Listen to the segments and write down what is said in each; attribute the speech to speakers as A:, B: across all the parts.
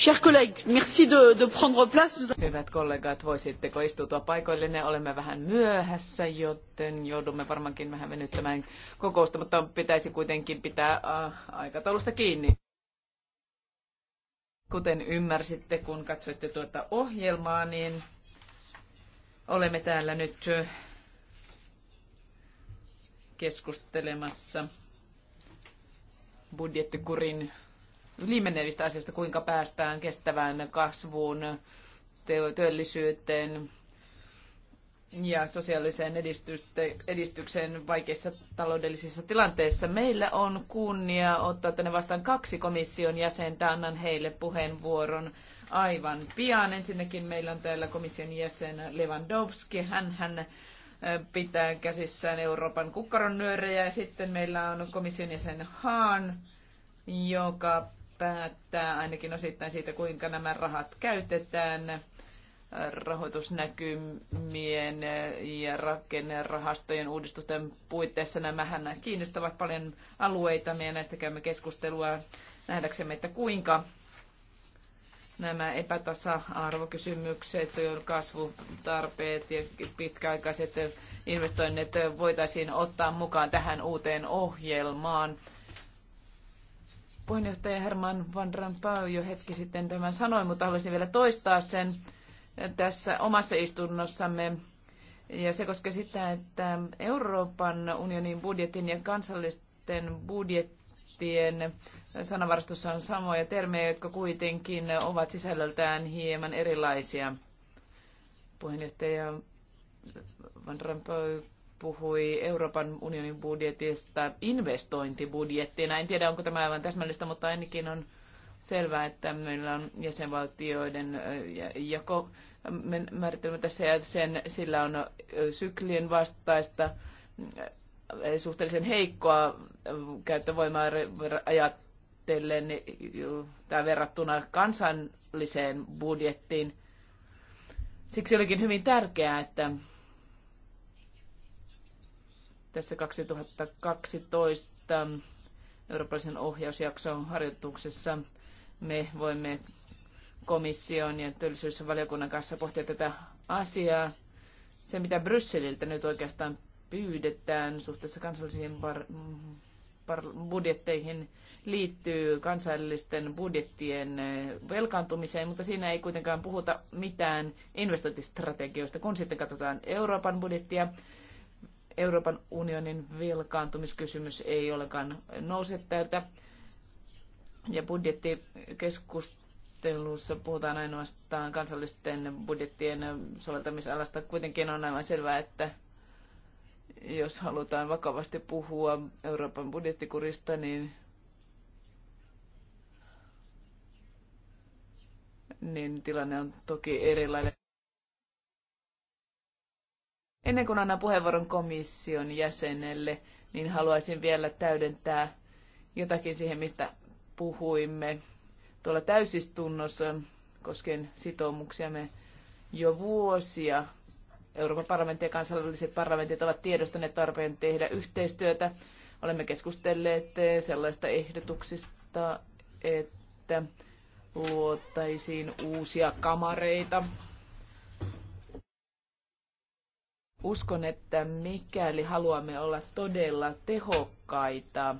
A: Chers collègues, merci de, de prendre place. Nous... Hyvät kollegat, voisitteko istutua paikoillenne? Olemme vähän myöhässä, joten joudumme varmaankin vähän venyttämään kokousta, mutta pitäisi kuitenkin pitää äh, aikataulusta kiinni. Kuten ymmärsitte, kun katsoitte tuota ohjelmaa, niin olemme täällä nyt äh, keskustelemassa budjettikurin liimenevistä asioista, kuinka päästään kestävään kasvuun, työllisyyteen ja sosiaaliseen edistykseen vaikeissa taloudellisissa tilanteissa. Meillä on kunnia ottaa tänne vastaan kaksi komission jäsentä. Annan heille puheenvuoron aivan pian. Ensinnäkin meillä on täällä komission jäsen Lewandowski. Hän, hän äh, pitää käsissään Euroopan kukkaronyörejä. Ja sitten meillä on komission jäsen Haan, joka päättää ainakin osittain siitä, kuinka nämä rahat käytetään rahoitusnäkymien ja rakennerahastojen uudistusten puitteissa. Nämähän kiinnostavat paljon alueita ja näistä käymme keskustelua nähdäksemme, että kuinka nämä epätasa-arvokysymykset, kasvutarpeet ja pitkäaikaiset investoinnit voitaisiin ottaa mukaan tähän uuteen ohjelmaan. Puheenjohtaja Herman Van Rampau jo hetki sitten tämän sanoi, mutta haluaisin vielä toistaa sen tässä omassa istunnossamme. Ja se koskee sitä, että Euroopan unionin budjetin ja kansallisten budjettien sanavarastossa on samoja termejä, jotka kuitenkin ovat sisällöltään hieman erilaisia. Puheenjohtaja Van Rampau puhui Euroopan unionin budjetista investointibudjettina. En tiedä, onko tämä aivan täsmällistä, mutta ainakin on selvää, että meillä on jäsenvaltioiden jako määritelmä tässä ja sen, sillä on syklien vastaista suhteellisen heikkoa käyttövoimaa ajatellen Tämä verrattuna kansalliseen budjettiin. Siksi olikin hyvin tärkeää, että tässä 2012 eurooppalaisen ohjausjakson harjoituksessa me voimme komission ja työllisyysvaliokunnan kanssa pohtia tätä asiaa. Se, mitä Brysseliltä nyt oikeastaan pyydetään suhteessa kansallisiin budjetteihin liittyy kansallisten budjettien velkaantumiseen, mutta siinä ei kuitenkaan puhuta mitään investointistrategioista. Kun sitten katsotaan Euroopan budjettia, Euroopan unionin velkaantumiskysymys ei olekaan nouse täältä. Ja budjettikeskustelussa puhutaan ainoastaan kansallisten budjettien soveltamisalasta. Kuitenkin on aivan selvää, että jos halutaan vakavasti puhua Euroopan budjettikurista, niin niin tilanne on toki erilainen. Ennen kuin annan puheenvuoron komission jäsenelle, niin haluaisin vielä täydentää jotakin siihen, mistä puhuimme tuolla täysistunnossa koskien sitoumuksiamme jo vuosia. Euroopan parlamentti ja kansainväliset parlamentit ovat tiedostaneet tarpeen tehdä yhteistyötä. Olemme keskustelleet sellaista ehdotuksista, että luottaisiin uusia kamareita Uskon, että mikäli haluamme olla todella tehokkaita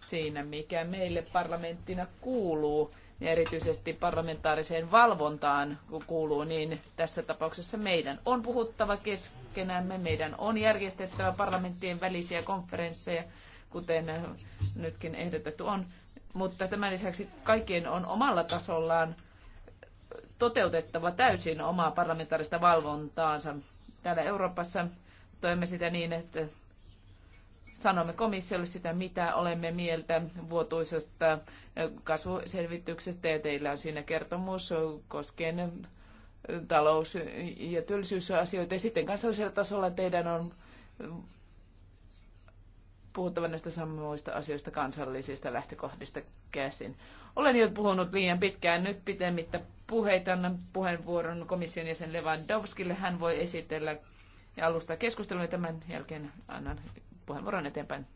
A: siinä, mikä meille parlamenttina kuuluu, ja erityisesti parlamentaariseen valvontaan kun kuuluu, niin tässä tapauksessa meidän on puhuttava keskenämme, meidän on järjestettävä parlamenttien välisiä konferensseja, kuten nytkin ehdotettu on, mutta tämän lisäksi kaikkien on omalla tasollaan toteutettava täysin omaa parlamentaarista valvontaansa täällä Euroopassa toimme sitä niin, että sanomme komissiolle sitä, mitä olemme mieltä vuotuisesta kasvuselvityksestä ja teillä on siinä kertomus koskien talous- ja työllisyysasioita. Ja sitten kansallisella tasolla teidän on puhuttava näistä samoista asioista kansallisista lähtökohdista käsin. Olen jo puhunut liian pitkään nyt pitemmittä puheita. Annan puheenvuoron komission jäsen Lewandowskille. Hän voi esitellä
B: ja alustaa keskustelun ja tämän jälkeen annan puheenvuoron eteenpäin.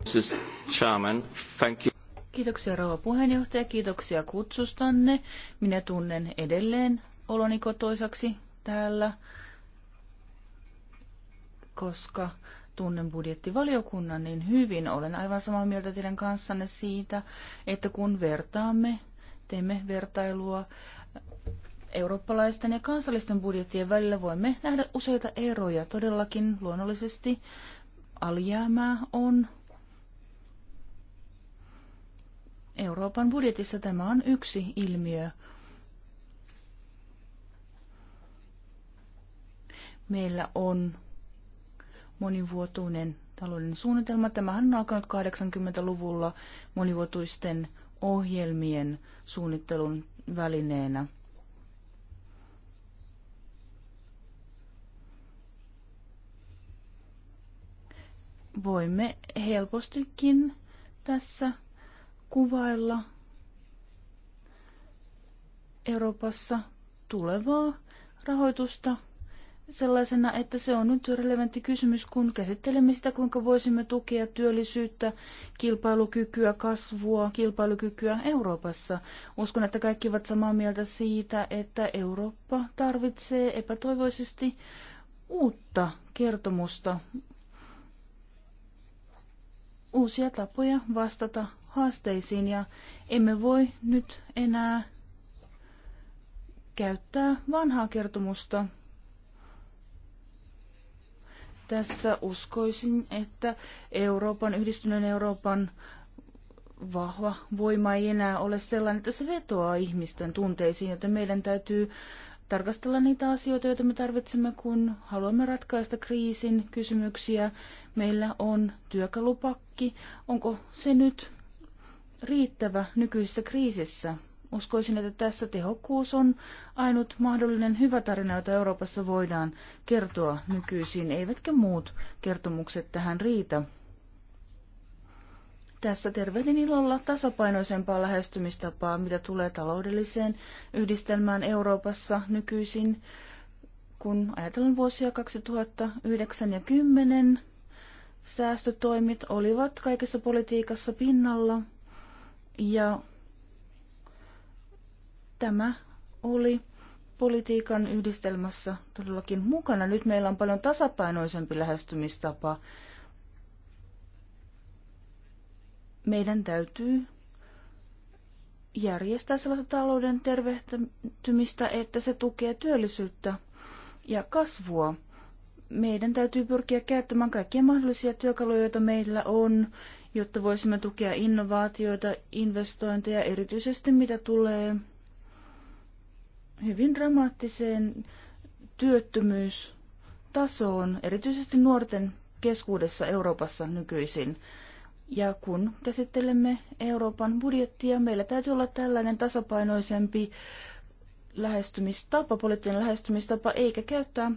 C: Chairman, thank you.
B: Kiitoksia rouva puheenjohtaja, kiitoksia kutsustanne. Minä tunnen edelleen oloni kotoisaksi täällä, koska tunnen budjettivaliokunnan niin hyvin. Olen aivan samaa mieltä teidän kanssanne siitä, että kun vertaamme, teemme vertailua eurooppalaisten ja kansallisten budjettien välillä, voimme nähdä useita eroja. Todellakin luonnollisesti alijäämää on. Euroopan budjetissa tämä on yksi ilmiö. Meillä on monivuotuinen talouden suunnitelma. Tämähän on alkanut 80-luvulla monivuotuisten ohjelmien suunnittelun välineenä. Voimme helpostikin tässä kuvailla Euroopassa tulevaa rahoitusta sellaisena, että se on nyt relevantti kysymys, kun käsittelemme sitä, kuinka voisimme tukea työllisyyttä, kilpailukykyä, kasvua, kilpailukykyä Euroopassa. Uskon, että kaikki ovat samaa mieltä siitä, että Eurooppa tarvitsee epätoivoisesti uutta kertomusta, uusia tapoja vastata haasteisiin ja emme voi nyt enää käyttää vanhaa kertomusta tässä uskoisin, että Euroopan, yhdistyneen Euroopan vahva voima ei enää ole sellainen, että se vetoaa ihmisten tunteisiin, joten meidän täytyy tarkastella niitä asioita, joita me tarvitsemme, kun haluamme ratkaista kriisin kysymyksiä. Meillä on työkalupakki. Onko se nyt riittävä nykyisessä kriisissä? Uskoisin, että tässä tehokkuus on ainut mahdollinen hyvä tarina, jota Euroopassa voidaan kertoa nykyisin, eivätkä muut kertomukset tähän riitä. Tässä tervehdin ilolla tasapainoisempaa lähestymistapaa, mitä tulee taloudelliseen yhdistelmään Euroopassa nykyisin, kun ajatellaan vuosia 2009 ja 2010, säästötoimit olivat kaikessa politiikassa pinnalla ja Tämä oli politiikan yhdistelmässä todellakin mukana. Nyt meillä on paljon tasapainoisempi lähestymistapa. Meidän täytyy järjestää sellaista talouden tervehtymistä, että se tukee työllisyyttä ja kasvua. Meidän täytyy pyrkiä käyttämään kaikkia mahdollisia työkaluja, joita meillä on, jotta voisimme tukea innovaatioita, investointeja, erityisesti mitä tulee hyvin dramaattiseen työttömyystasoon, erityisesti nuorten keskuudessa Euroopassa nykyisin. Ja kun käsittelemme Euroopan budjettia, meillä täytyy olla tällainen tasapainoisempi lähestymistapa, poliittinen lähestymistapa, eikä käyttää,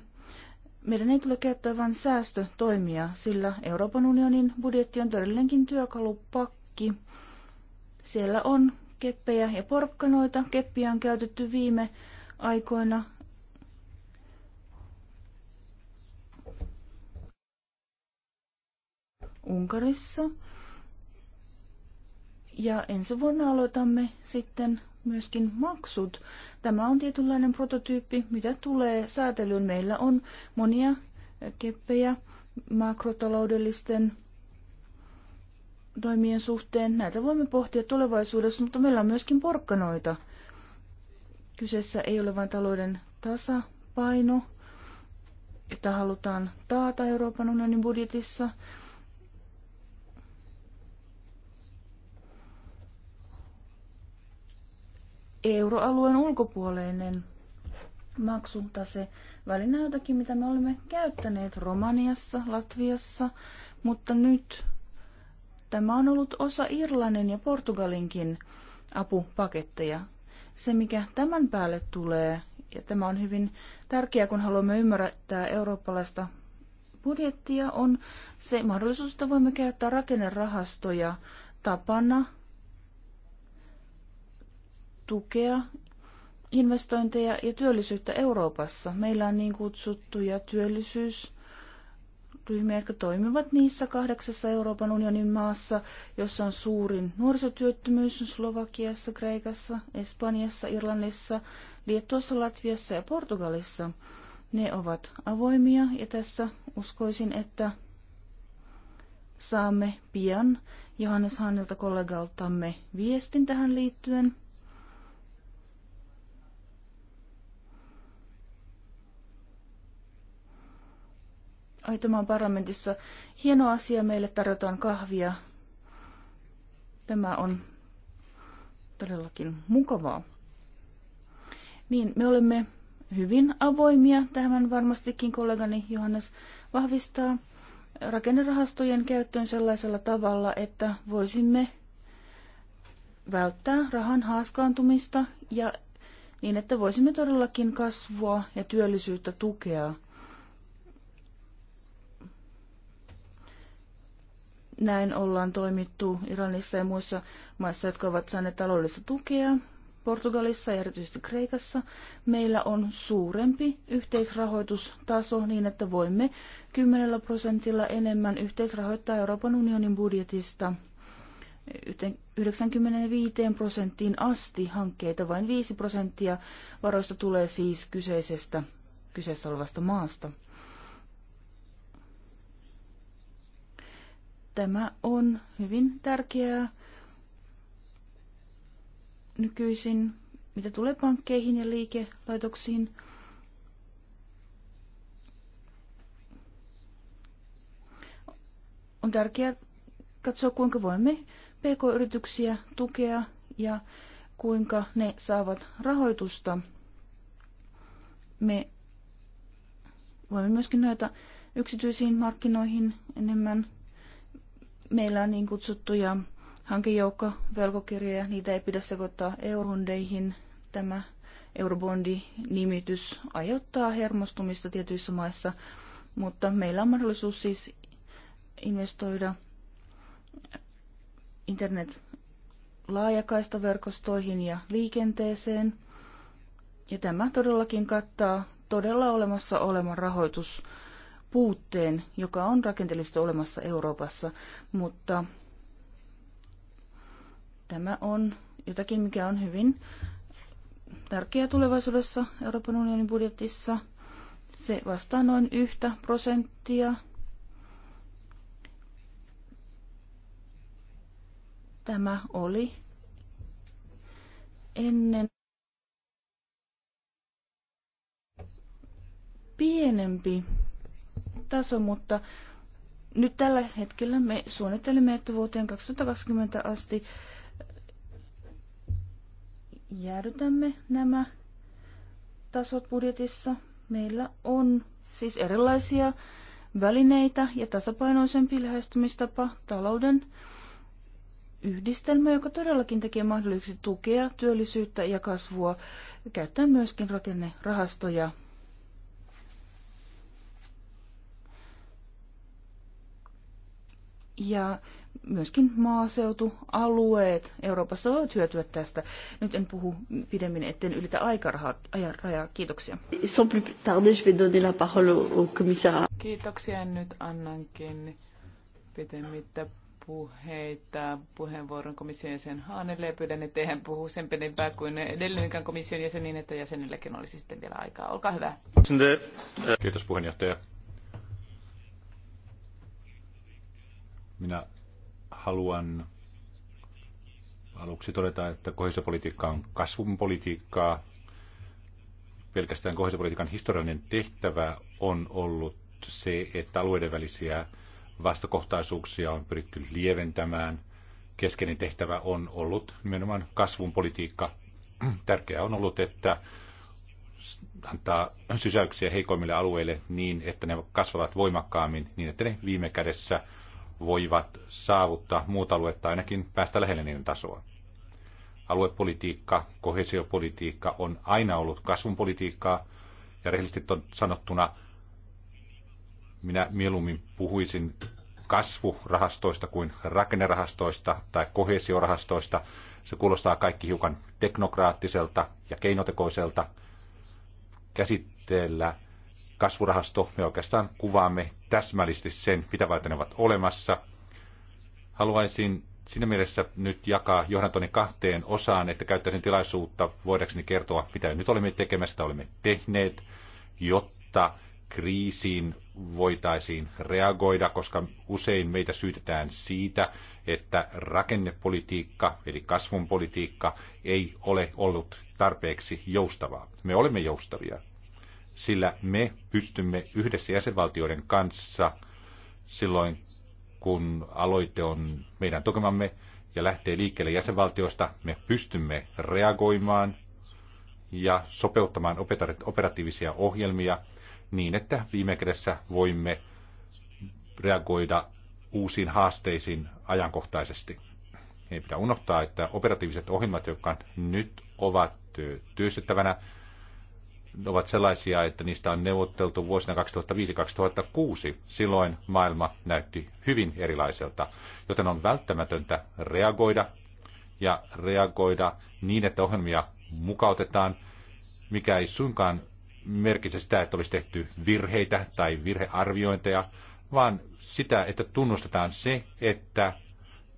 B: meidän ei tule käyttää vain säästötoimia, sillä Euroopan unionin budjetti on todellinenkin työkalupakki. Siellä on keppejä ja porkkanoita. Keppiä on käytetty viime aikoina Unkarissa. Ja ensi vuonna aloitamme sitten myöskin maksut. Tämä on tietynlainen prototyyppi, mitä tulee säätelyyn. Meillä on monia keppejä makrotaloudellisten toimien suhteen. Näitä voimme pohtia tulevaisuudessa, mutta meillä on myöskin porkkanoita – Kyseessä ei ole vain talouden tasapaino, jota halutaan taata Euroopan unionin budjetissa. Euroalueen ulkopuoleinen maksutase välinä jotakin, mitä me olemme käyttäneet Romaniassa, Latviassa, mutta nyt tämä on ollut osa Irlannin ja Portugalinkin apupaketteja se, mikä tämän päälle tulee, ja tämä on hyvin tärkeää, kun haluamme ymmärtää eurooppalaista budjettia, on se mahdollisuus, että voimme käyttää rakennerahastoja tapana tukea investointeja ja työllisyyttä Euroopassa. Meillä on niin kutsuttuja työllisyys- ryhmiä, jotka toimivat niissä kahdeksassa Euroopan unionin maassa, jossa on suurin nuorisotyöttömyys Slovakiassa, Kreikassa, Espanjassa, Irlannissa, Liettuassa, Latviassa ja Portugalissa. Ne ovat avoimia ja tässä uskoisin, että saamme pian Johannes Hannelta kollegaltamme viestin tähän liittyen. Ai tämä on parlamentissa hieno asia. Meille tarjotaan kahvia. Tämä on todellakin mukavaa. Niin, me olemme hyvin avoimia. Tähän varmastikin kollegani Johannes vahvistaa rakennerahastojen käyttöön sellaisella tavalla, että voisimme välttää rahan haaskaantumista ja niin, että voisimme todellakin kasvua ja työllisyyttä tukea – Näin ollaan toimittu Iranissa ja muissa maissa, jotka ovat saaneet taloudellista tukea. Portugalissa ja erityisesti Kreikassa meillä on suurempi yhteisrahoitustaso niin, että voimme 10 prosentilla enemmän yhteisrahoittaa Euroopan unionin budjetista 95 prosenttiin asti hankkeita. Vain 5 prosenttia varoista tulee siis kyseisestä kyseessä olevasta maasta. Tämä on hyvin tärkeää nykyisin, mitä tulee pankkeihin ja liikelaitoksiin. On tärkeää katsoa, kuinka voimme pk-yrityksiä tukea ja kuinka ne saavat rahoitusta. Me voimme myöskin nojata yksityisiin markkinoihin enemmän Meillä on niin kutsuttuja hankejoukko velkokirjoja, niitä ei pidä sekoittaa eurondeihin. Tämä eurobondi-nimitys aiheuttaa hermostumista tietyissä maissa, mutta meillä on mahdollisuus siis investoida internet laajakaistaverkostoihin ja liikenteeseen. Ja tämä todellakin kattaa todella olemassa olevan rahoitus puutteen, joka on rakenteellisesti olemassa Euroopassa, mutta tämä on jotakin, mikä on hyvin tärkeää tulevaisuudessa Euroopan unionin budjetissa. Se vastaa noin yhtä prosenttia tämä oli ennen pienempi taso, mutta nyt tällä hetkellä me suunnittelemme, että vuoteen 2020 asti jäädytämme nämä tasot budjetissa. Meillä on siis erilaisia välineitä ja tasapainoisempi lähestymistapa talouden yhdistelmä, joka todellakin tekee mahdolliseksi tukea työllisyyttä ja kasvua, käyttää myöskin rakennerahastoja ja myöskin maaseutualueet Euroopassa voivat hyötyä tästä. Nyt en puhu pidemmin, etten ylitä
C: aikarajaa.
B: Kiitoksia.
A: Kiitoksia. Nyt annankin pidemmittä puheita puheenvuoron komission jäsen Haanelle ja pyydän, että hän puhu sen pidempää kuin edellinenkään komission jäsen niin, että jäsenilläkin olisi sitten vielä aikaa. Olkaa hyvä.
C: Kiitos puheenjohtaja. Minä haluan aluksi todeta, että kohdistopolitiikka on kasvun politiikkaa. Pelkästään kohdistopolitiikan historiallinen tehtävä on ollut se, että alueiden välisiä vastakohtaisuuksia on pyritty lieventämään. Keskeinen tehtävä on ollut nimenomaan kasvun politiikka. Tärkeää on ollut, että antaa sysäyksiä heikoimmille alueille niin, että ne kasvavat voimakkaammin, niin että ne viime kädessä – voivat saavuttaa muut aluetta ainakin päästä lähelle niiden tasoa. Aluepolitiikka, kohesiopolitiikka on aina ollut kasvun politiikkaa, ja rehellisesti sanottuna minä mieluummin puhuisin kasvurahastoista kuin rakennerahastoista tai kohesiorahastoista. Se kuulostaa kaikki hiukan teknokraattiselta ja keinotekoiselta käsitteellä – kasvurahasto. Me oikeastaan kuvaamme täsmällisesti sen, mitä varten ne ovat olemassa. Haluaisin siinä mielessä nyt jakaa johdantoni kahteen osaan, että käyttäisin tilaisuutta voidakseni kertoa, mitä nyt olemme tekemässä, sitä olemme tehneet, jotta kriisiin voitaisiin reagoida, koska usein meitä syytetään siitä, että rakennepolitiikka eli kasvun politiikka ei ole ollut tarpeeksi joustavaa. Me olemme joustavia sillä me pystymme yhdessä jäsenvaltioiden kanssa silloin, kun aloite on meidän tukemamme ja lähtee liikkeelle jäsenvaltioista, me pystymme reagoimaan ja sopeuttamaan operatiivisia ohjelmia niin, että viime kädessä voimme reagoida uusiin haasteisiin ajankohtaisesti. Ei pidä unohtaa, että operatiiviset ohjelmat, jotka nyt ovat työstettävänä, ovat sellaisia, että niistä on neuvotteltu vuosina 2005-2006. Silloin maailma näytti hyvin erilaiselta, joten on välttämätöntä reagoida ja reagoida niin, että ohjelmia mukautetaan, mikä ei suinkaan merkitse sitä, että olisi tehty virheitä tai virhearviointeja, vaan sitä, että tunnustetaan se, että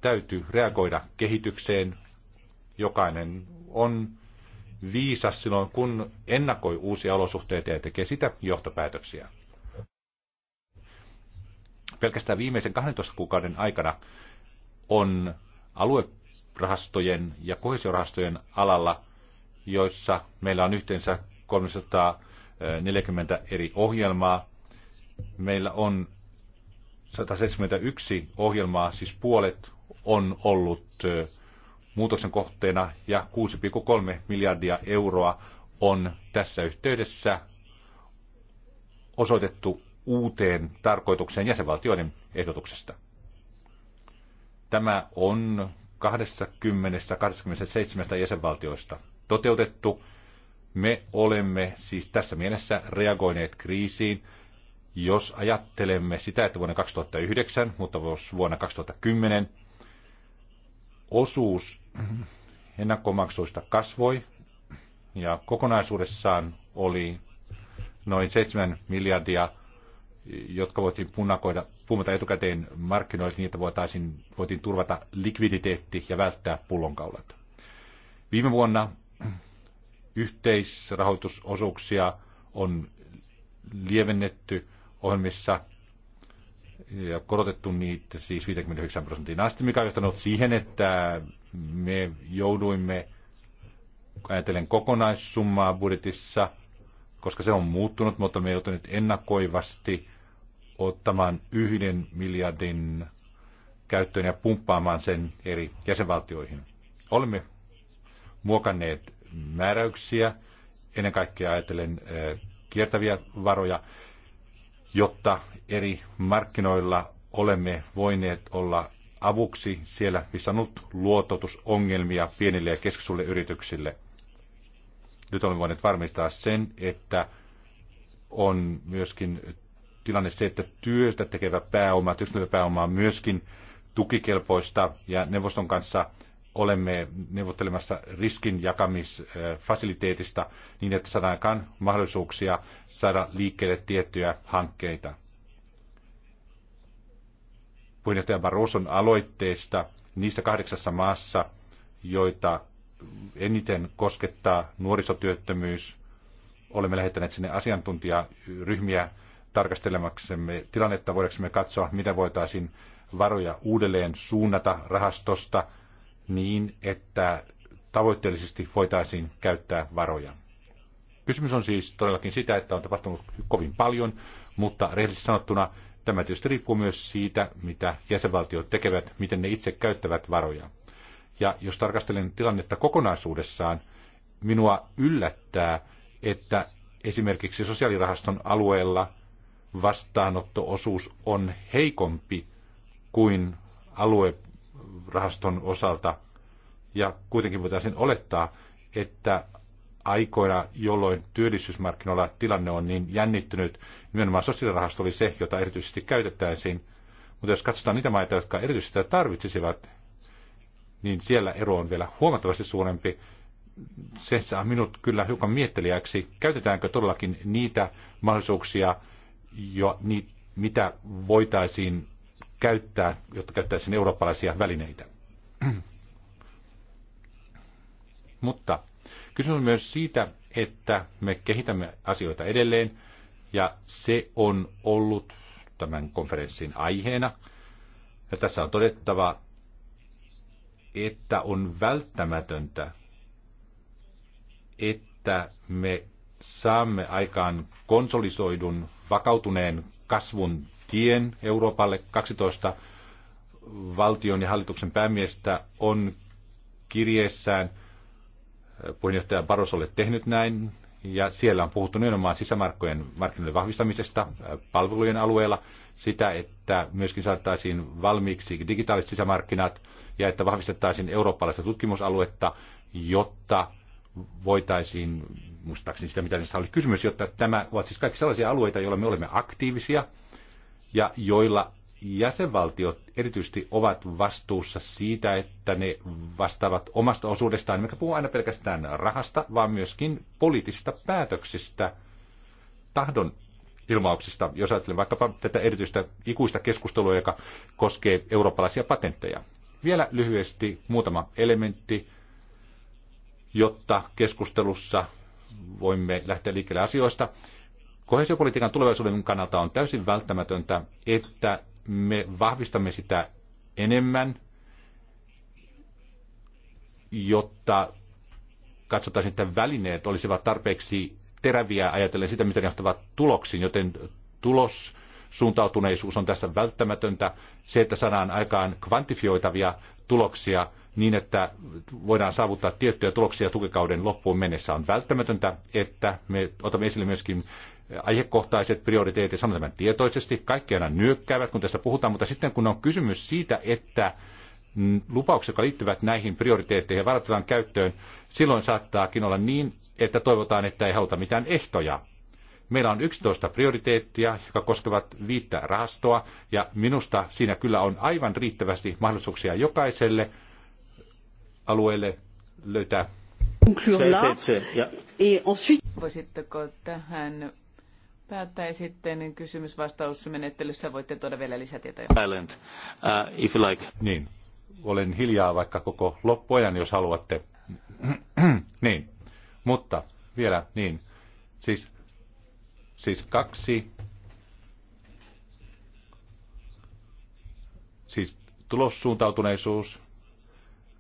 C: täytyy reagoida kehitykseen. Jokainen on viisas silloin, kun ennakoi uusia olosuhteita ja tekee sitä johtopäätöksiä. Pelkästään viimeisen 12 kuukauden aikana on aluerahastojen ja kohesiorahastojen alalla, joissa meillä on yhteensä 340 eri ohjelmaa. Meillä on 171 ohjelmaa, siis puolet on ollut muutoksen kohteena ja 6,3 miljardia euroa on tässä yhteydessä osoitettu uuteen tarkoitukseen jäsenvaltioiden ehdotuksesta. Tämä on 20-27 jäsenvaltioista toteutettu. Me olemme siis tässä mielessä reagoineet kriisiin. Jos ajattelemme sitä, että vuonna 2009, mutta myös vuonna 2010 osuus ennakkomaksuista kasvoi ja kokonaisuudessaan oli noin 7 miljardia, jotka voitiin punakoida, puumata etukäteen markkinoille, niitä voitaisiin, voitiin turvata likviditeetti ja välttää pullonkaulat. Viime vuonna yhteisrahoitusosuuksia on lievennetty ohjelmissa ja korotettu niitä siis 59 prosenttiin asti, mikä on johtanut siihen, että me jouduimme ajatellen kokonaissummaa budjetissa, koska se on muuttunut, mutta me nyt ennakoivasti ottamaan yhden miljardin käyttöön ja pumppaamaan sen eri jäsenvaltioihin. Olemme muokanneet määräyksiä, ennen kaikkea ajatellen eh, kiertäviä varoja, jotta eri markkinoilla olemme voineet olla avuksi siellä, missä on ollut luototusongelmia pienille ja keskisuille yrityksille. Nyt olemme voineet varmistaa sen, että on myöskin tilanne se, että työtä tekevä pääoma, pääoma on myöskin tukikelpoista ja neuvoston kanssa olemme neuvottelemassa riskin jakamisfasiliteetista niin, että saadaan mahdollisuuksia saada liikkeelle tiettyjä hankkeita. Puheenjohtaja Barroson aloitteista niissä kahdeksassa maassa, joita eniten koskettaa nuorisotyöttömyys. Olemme lähettäneet sinne asiantuntijaryhmiä tarkastelemaksemme tilannetta, me katsoa, mitä voitaisiin varoja uudelleen suunnata rahastosta – niin, että tavoitteellisesti voitaisiin käyttää varoja. Kysymys on siis todellakin sitä, että on tapahtunut kovin paljon, mutta rehellisesti sanottuna tämä tietysti riippuu myös siitä, mitä jäsenvaltiot tekevät, miten ne itse käyttävät varoja. Ja jos tarkastelen tilannetta kokonaisuudessaan, minua yllättää, että esimerkiksi sosiaalirahaston alueella vastaanottoosuus on heikompi kuin alue rahaston osalta. Ja kuitenkin voitaisiin olettaa, että aikoina, jolloin työllisyysmarkkinoilla tilanne on niin jännittynyt, nimenomaan sosiaalirahasto oli se, jota erityisesti käytettäisiin. Mutta jos katsotaan niitä maita, jotka erityisesti sitä tarvitsisivat, niin siellä ero on vielä huomattavasti suurempi. Se saa minut kyllä hiukan miettelijäksi, käytetäänkö todellakin niitä mahdollisuuksia, jo, ni, mitä voitaisiin käyttää, jotta käyttäisiin eurooppalaisia välineitä. Mutta kysymys on myös siitä, että me kehitämme asioita edelleen, ja se on ollut tämän konferenssin aiheena. Ja tässä on todettava, että on välttämätöntä, että me saamme aikaan konsolisoidun, vakautuneen kasvun tien Euroopalle. 12 valtion ja hallituksen päämiestä on kirjeessään puheenjohtaja Barosolle tehnyt näin. Ja siellä on puhuttu nimenomaan sisämarkkojen markkinoiden vahvistamisesta palvelujen alueella, sitä, että myöskin saataisiin valmiiksi digitaaliset sisämarkkinat ja että vahvistettaisiin eurooppalaista tutkimusaluetta, jotta voitaisiin, muistaakseni sitä mitä tässä oli kysymys, jotta tämä ovat siis kaikki sellaisia alueita, joilla me olemme aktiivisia ja joilla jäsenvaltiot erityisesti ovat vastuussa siitä, että ne vastaavat omasta osuudestaan, mikä puhuu aina pelkästään rahasta, vaan myöskin poliittisista päätöksistä, tahdon ilmauksista, jos ajattelen vaikkapa tätä erityistä ikuista keskustelua, joka koskee eurooppalaisia patentteja. Vielä lyhyesti muutama elementti, jotta keskustelussa voimme lähteä liikkeelle asioista. Kohesiopolitiikan tulevaisuuden kannalta on täysin välttämätöntä, että me vahvistamme sitä enemmän, jotta katsotaan, että välineet olisivat tarpeeksi teräviä ajatellen sitä, miten ne johtavat tuloksiin, joten tulos suuntautuneisuus on tässä välttämätöntä. Se, että saadaan aikaan kvantifioitavia tuloksia niin, että voidaan saavuttaa tiettyjä tuloksia tukikauden loppuun mennessä, on välttämätöntä, että me otamme esille myöskin aihekohtaiset prioriteetit, sanon tämän tietoisesti, kaikki aina nyökkäävät, kun tästä puhutaan, mutta sitten kun on kysymys siitä, että lupaukset, jotka liittyvät näihin prioriteetteihin varattavan käyttöön, silloin saattaakin olla niin, että toivotaan, että ei haluta mitään ehtoja. Meillä on 11 prioriteettia, jotka koskevat viittä rahastoa, ja minusta siinä kyllä on aivan riittävästi mahdollisuuksia jokaiselle alueelle löytää.
A: Voisitteko tähän päättäi sitten kysymysvastausmenettelyssä. Voitte tuoda vielä lisätietoja.
C: Silent, uh, if you like. Niin, olen hiljaa vaikka koko loppuajan, jos haluatte. niin, mutta vielä niin. Siis, siis kaksi. Siis tulossuuntautuneisuus,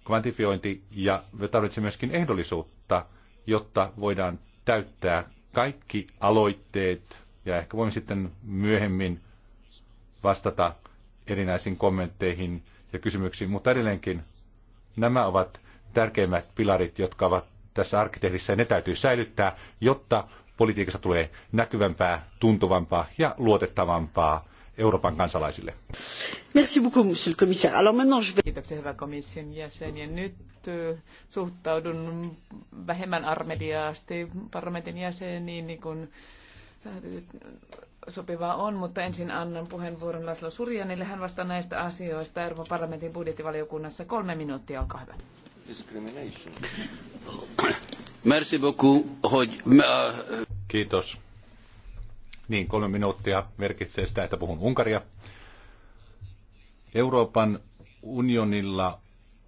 C: kvantifiointi ja me tarvitsemme myöskin ehdollisuutta, jotta voidaan täyttää kaikki aloitteet, ja ehkä voimme sitten myöhemmin vastata erinäisiin kommentteihin ja kysymyksiin, mutta edelleenkin nämä ovat tärkeimmät pilarit, jotka ovat tässä arkkitehdissä ja ne täytyy säilyttää, jotta politiikassa tulee näkyvämpää, tuntuvampaa ja luotettavampaa Euroopan kansalaisille.
A: Merci beaucoup, monsieur le commissaire. Alors maintenant je vais... Kiitoksia, hyvä komission jäsen. Ja nyt suhtaudun vähemmän armeliaasti parlamentin jäseniin, niin kuin sopivaa on, mutta ensin annan puheenvuoron Laslo Surjanille. Hän vastaa näistä asioista Euroopan parlamentin budjettivaliokunnassa. Kolme minuuttia, olkaa hyvä.
C: Merci beaucoup. Äh, Kiitos. Niin, kolme minuuttia merkitsee sitä, että puhun Unkaria. Euroopan unionilla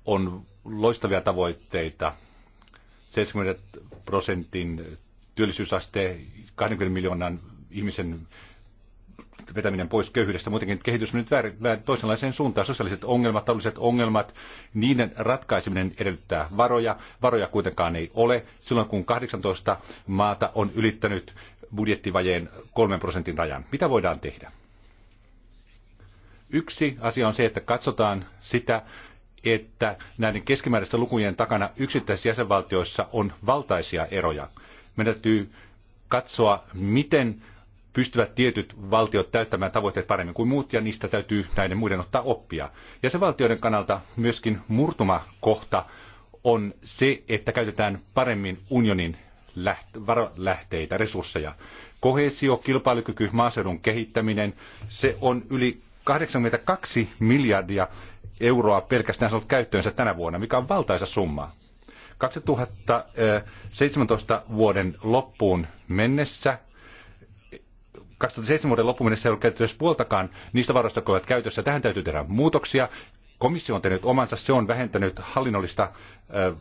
C: on loistavia tavoitteita. 70 prosentin työllisyysaste, 20 miljoonan ihmisen vetäminen pois köyhyydestä. Muutenkin kehitys on nyt väärin, toisenlaiseen suuntaan. Sosiaaliset ongelmat, taloudelliset ongelmat, niiden ratkaiseminen edellyttää varoja. Varoja kuitenkaan ei ole. Silloin kun 18 maata on ylittänyt budjettivajeen 3 prosentin rajan. Mitä voidaan tehdä? Yksi asia on se, että katsotaan sitä, että näiden keskimääräisten lukujen takana yksittäisissä jäsenvaltioissa on valtaisia eroja. Meidän täytyy katsoa, miten pystyvät tietyt valtiot täyttämään tavoitteet paremmin kuin muut, ja niistä täytyy näiden muiden ottaa oppia. Ja se valtioiden kannalta myöskin murtumakohta on se, että käytetään paremmin unionin läht- varolähteitä, resursseja. Kohesio, kilpailukyky, maaseudun kehittäminen, se on yli 82 miljardia euroa pelkästään saanut käyttöönsä tänä vuonna, mikä on valtaisa summa. 2017 vuoden loppuun mennessä 2007 vuoden loppuun mennessä ei ollut käytettävissä puoltakaan niistä varoista, jotka ovat käytössä. Tähän täytyy tehdä muutoksia. Komissio on tehnyt omansa, se on vähentänyt hallinnollista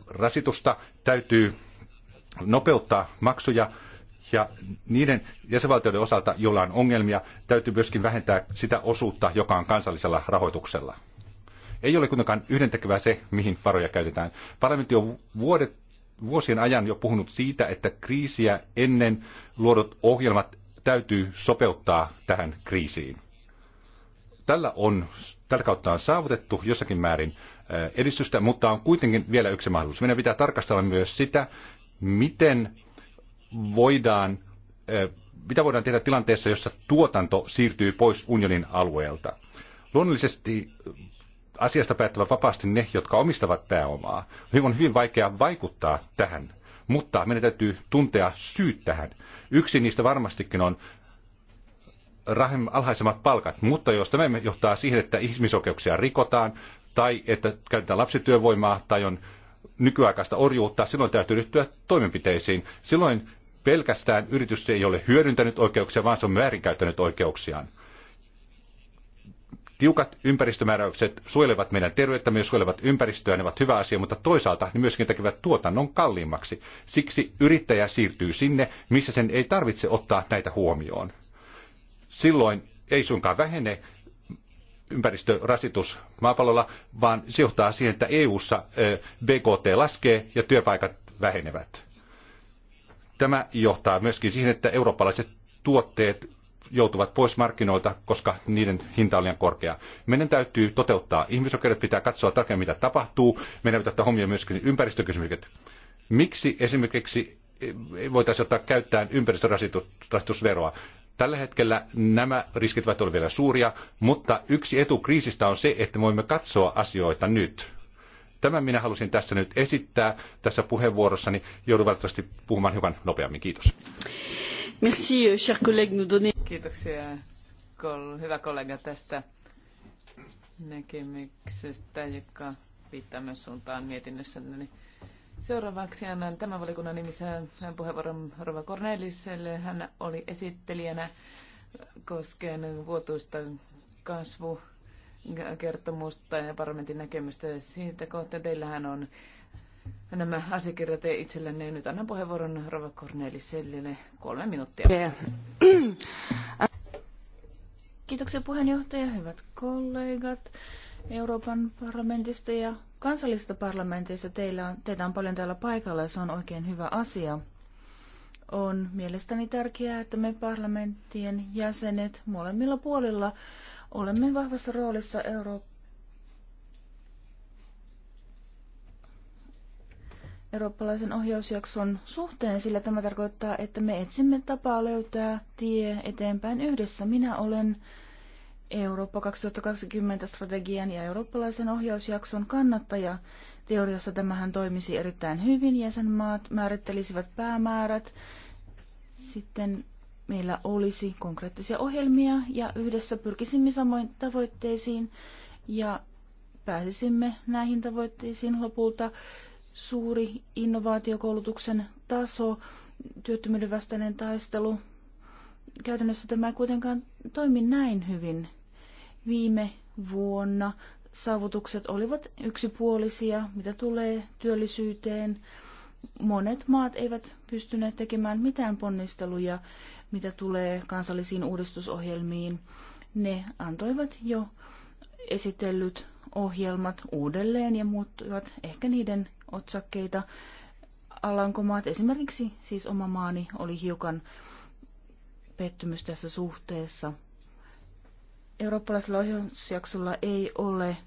C: rasitusta, täytyy nopeuttaa maksuja ja niiden jäsenvaltioiden osalta, joilla on ongelmia, täytyy myöskin vähentää sitä osuutta, joka on kansallisella rahoituksella. Ei ole kuitenkaan yhdentekevää se, mihin varoja käytetään. Parlamentti on vuodet, vuosien ajan jo puhunut siitä, että kriisiä ennen luodut ohjelmat täytyy sopeuttaa tähän kriisiin. Tällä, on, tällä kautta on saavutettu jossakin määrin äh, edistystä, mutta on kuitenkin vielä yksi mahdollisuus. Meidän pitää tarkastella myös sitä, miten voidaan, äh, mitä voidaan tehdä tilanteessa, jossa tuotanto siirtyy pois unionin alueelta. Luonnollisesti asiasta päättävät vapaasti ne, jotka omistavat pääomaa. On hyvin vaikea vaikuttaa tähän, mutta meidän täytyy tuntea syyt tähän. Yksi niistä varmastikin on alhaisemmat palkat, mutta jos tämä johtaa siihen, että ihmisoikeuksia rikotaan, tai että käytetään lapsityövoimaa, tai on nykyaikaista orjuutta, silloin täytyy ryhtyä toimenpiteisiin. Silloin pelkästään yritys ei ole hyödyntänyt oikeuksia, vaan se on väärinkäyttänyt oikeuksiaan. Tiukat ympäristömääräykset suojelevat meidän terveyttämme ja suojelevat ympäristöä, ne ovat hyvä asia, mutta toisaalta ne myöskin tekevät tuotannon kalliimmaksi. Siksi yrittäjä siirtyy sinne, missä sen ei tarvitse ottaa näitä huomioon. Silloin ei suinkaan vähene ympäristörasitus maapallolla, vaan se johtaa siihen, että EU-ssa BKT laskee ja työpaikat vähenevät. Tämä johtaa myöskin siihen, että eurooppalaiset tuotteet joutuvat pois markkinoilta, koska niiden hinta on liian korkea. Meidän täytyy toteuttaa ihmisoikeudet, pitää katsoa tarkemmin, mitä tapahtuu. Meidän pitää ottaa huomioon myöskin ympäristökysymykset. Miksi esimerkiksi voitaisiin ottaa käyttöön ympäristörasitusveroa? Tällä hetkellä nämä riskit ovat vielä suuria, mutta yksi etu kriisistä on se, että voimme katsoa asioita nyt. Tämän minä halusin tässä nyt esittää tässä puheenvuorossani. Joudun valitettavasti puhumaan hiukan nopeammin. Kiitos.
A: Merci, euh, cher collègue, nous donner... Kiitoksia, hyvä kollega, tästä näkemyksestä, joka viittaa myös suuntaan mietinnössä. Niin seuraavaksi annan tämän valikunnan nimissä puheenvuoron Rova Corneliselle. Hän oli esittelijänä koskien vuotuista kasvu kertomusta ja parlamentin näkemystä siitä kohtaa. Teillähän on nämä asiakirjat itsellenne. Nyt annan puheenvuoron Rova sellille kolme minuuttia.
B: Kiitoksia puheenjohtaja, hyvät kollegat Euroopan parlamentista ja kansallisista parlamenteista. Teillä on, teitä on paljon täällä paikalla ja se on oikein hyvä asia. On mielestäni tärkeää, että me parlamenttien jäsenet molemmilla puolilla olemme vahvassa roolissa Euroopan eurooppalaisen ohjausjakson suhteen, sillä tämä tarkoittaa, että me etsimme tapaa löytää tie eteenpäin yhdessä. Minä olen Eurooppa 2020 strategian ja eurooppalaisen ohjausjakson kannattaja. Teoriassa tämähän toimisi erittäin hyvin. Jäsenmaat määrittelisivät päämäärät. Sitten meillä olisi konkreettisia ohjelmia ja yhdessä pyrkisimme samoin tavoitteisiin ja pääsisimme näihin tavoitteisiin lopulta suuri innovaatiokoulutuksen taso, työttömyyden vastainen taistelu. Käytännössä tämä ei kuitenkaan toimi näin hyvin. Viime vuonna saavutukset olivat yksipuolisia, mitä tulee työllisyyteen. Monet maat eivät pystyneet tekemään mitään ponnisteluja, mitä tulee kansallisiin uudistusohjelmiin. Ne antoivat jo esitellyt ohjelmat uudelleen ja muuttuivat ehkä niiden otsakkeita. Alankomaat, esimerkiksi siis oma maani, oli hiukan pettymys tässä suhteessa. Eurooppalaisella ohjausjaksolla ei ole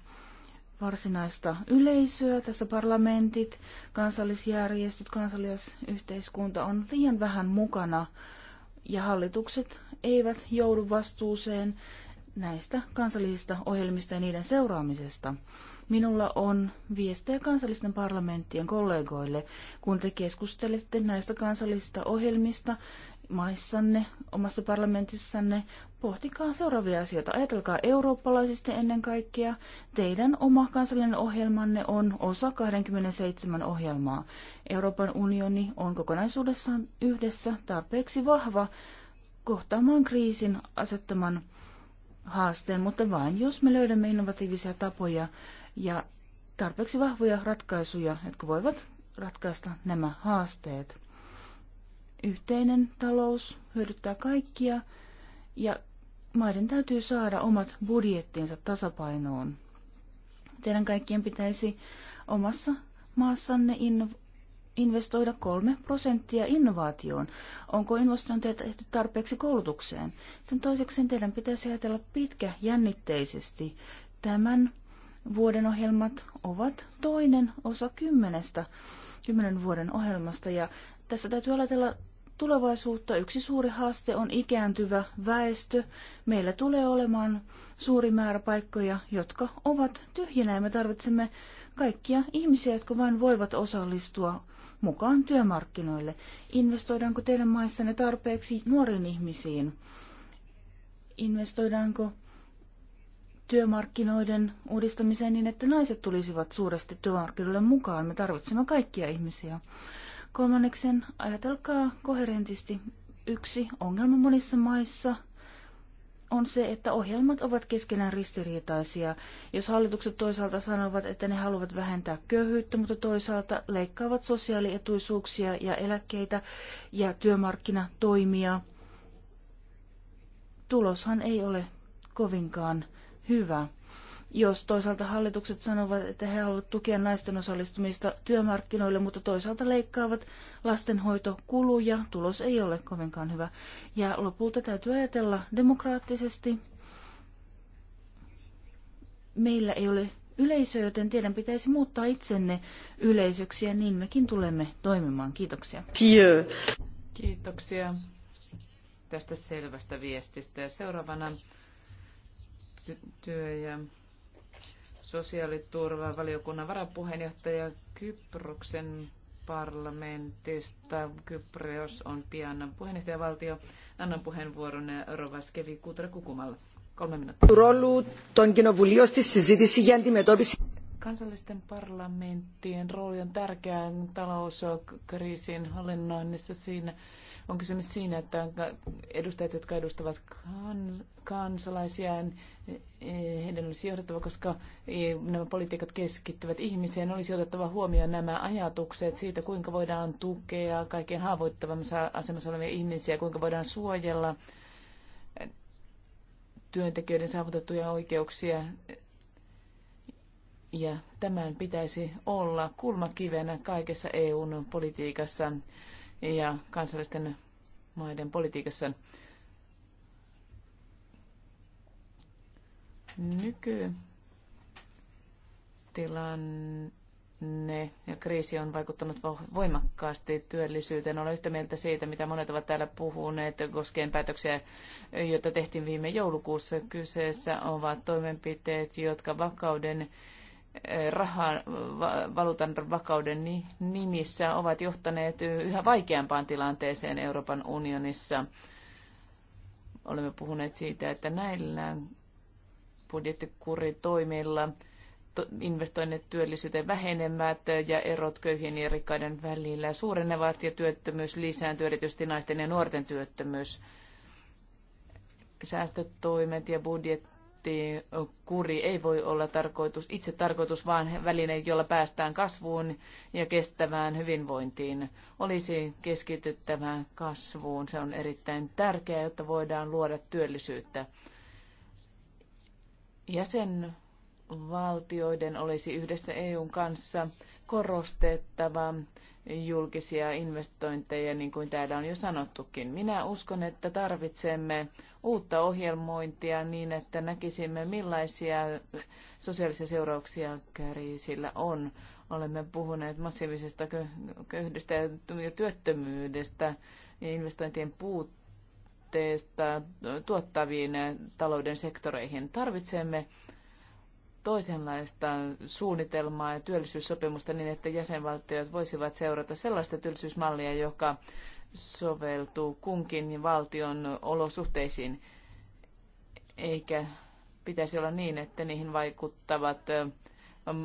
B: varsinaista yleisöä. Tässä parlamentit, kansallisjärjestöt, kansallisyhteiskunta on liian vähän mukana ja hallitukset eivät joudu vastuuseen näistä kansallisista ohjelmista ja niiden seuraamisesta. Minulla on viestejä kansallisten parlamenttien kollegoille, kun te keskustelette näistä kansallisista ohjelmista maissanne, omassa parlamentissanne. Pohtikaa seuraavia asioita. Ajatelkaa eurooppalaisesti ennen kaikkea. Teidän oma kansallinen ohjelmanne on osa 27 ohjelmaa. Euroopan unioni on kokonaisuudessaan yhdessä tarpeeksi vahva kohtaamaan kriisin asettaman haasteen, mutta vain jos me löydämme innovatiivisia tapoja ja tarpeeksi vahvoja ratkaisuja, jotka voivat ratkaista nämä haasteet. Yhteinen talous hyödyttää kaikkia ja maiden täytyy saada omat budjettinsa tasapainoon. Teidän kaikkien pitäisi omassa maassanne inno- investoida kolme prosenttia innovaatioon? Onko investointeja tehty tarpeeksi koulutukseen? Sen toiseksi teidän pitäisi ajatella pitkä jännitteisesti. Tämän vuoden ohjelmat ovat toinen osa kymmenestä, kymmenen vuoden ohjelmasta ja tässä täytyy ajatella tulevaisuutta. Yksi suuri haaste on ikääntyvä väestö. Meillä tulee olemaan suuri määrä paikkoja, jotka ovat tyhjinä ja me tarvitsemme kaikkia ihmisiä, jotka vain voivat osallistua mukaan työmarkkinoille. Investoidaanko teidän maissanne tarpeeksi nuoriin ihmisiin? Investoidaanko työmarkkinoiden uudistamiseen niin, että naiset tulisivat suuresti työmarkkinoille mukaan? Me tarvitsemme kaikkia ihmisiä. Kolmanneksen ajatelkaa koherentisti. Yksi ongelma monissa maissa – on se, että ohjelmat ovat keskenään ristiriitaisia. Jos hallitukset toisaalta sanovat, että ne haluavat vähentää köyhyyttä, mutta toisaalta leikkaavat sosiaalietuisuuksia ja eläkkeitä ja työmarkkinatoimia, tuloshan ei ole kovinkaan hyvä jos toisaalta hallitukset sanovat, että he haluavat tukea naisten osallistumista työmarkkinoille, mutta toisaalta leikkaavat lastenhoitokuluja, tulos ei ole kovinkaan hyvä. Ja lopulta täytyy ajatella demokraattisesti. Meillä ei ole yleisöä, joten teidän pitäisi muuttaa itsenne yleisöksi ja niin mekin tulemme toimimaan. Kiitoksia. Kiitoksia
A: tästä selvästä viestistä. Ja seuraavana työ- ja sosiaaliturvavaliokunnan varapuheenjohtaja Kyproksen parlamentista. Kypros on pian puheenjohtajavaltio. Annan puheenvuoron eh, Rovaskevi Kutra Kukumalle. Kolme minuuttia. kansallisten parlamenttien rooli on tärkeä talouskriisin hallinnoinnissa siinä, on kysymys siinä, että edustajat, jotka edustavat kan, kansalaisia, heidän olisi johdettava, koska nämä politiikat keskittyvät ihmiseen, olisi otettava huomioon nämä ajatukset siitä, kuinka voidaan tukea kaikkein haavoittavammassa asemassa olevia ihmisiä, kuinka voidaan suojella työntekijöiden saavutettuja oikeuksia. Ja tämän pitäisi olla kulmakivenä kaikessa EUn politiikassa ja kansallisten maiden politiikassa. Nykytilanne ja kriisi on vaikuttanut voimakkaasti työllisyyteen. Olen yhtä mieltä siitä, mitä monet ovat täällä puhuneet koskien päätöksiä, joita tehtiin viime joulukuussa. Kyseessä ovat toimenpiteet, jotka vakauden rahan, valuutan vakauden nimissä ovat johtaneet yhä vaikeampaan tilanteeseen Euroopan unionissa. Olemme puhuneet siitä, että näillä budjettikuritoimilla investoinnit työllisyyteen vähenemät ja erot köyhien ja rikkaiden välillä suurenevat ja työttömyys lisääntyy, erityisesti naisten ja nuorten työttömyys. Säästötoimet ja budjet Kuri ei voi olla tarkoitus, itse tarkoitus, vaan väline, jolla päästään kasvuun ja kestävään hyvinvointiin. Olisi keskityttävä kasvuun. Se on erittäin tärkeää, jotta voidaan luoda työllisyyttä. Jäsenvaltioiden olisi yhdessä EUn kanssa korostettava julkisia investointeja, niin kuin täällä on jo sanottukin. Minä uskon, että tarvitsemme uutta ohjelmointia niin, että näkisimme millaisia sosiaalisia seurauksia kriisillä on. Olemme puhuneet massiivisesta köyhdestä ja työttömyydestä ja investointien puutteesta tuottaviin talouden sektoreihin. Tarvitsemme toisenlaista suunnitelmaa ja työllisyyssopimusta niin, että jäsenvaltiot voisivat seurata sellaista työllisyysmallia, joka soveltuu kunkin valtion olosuhteisiin, eikä pitäisi olla niin, että niihin vaikuttavat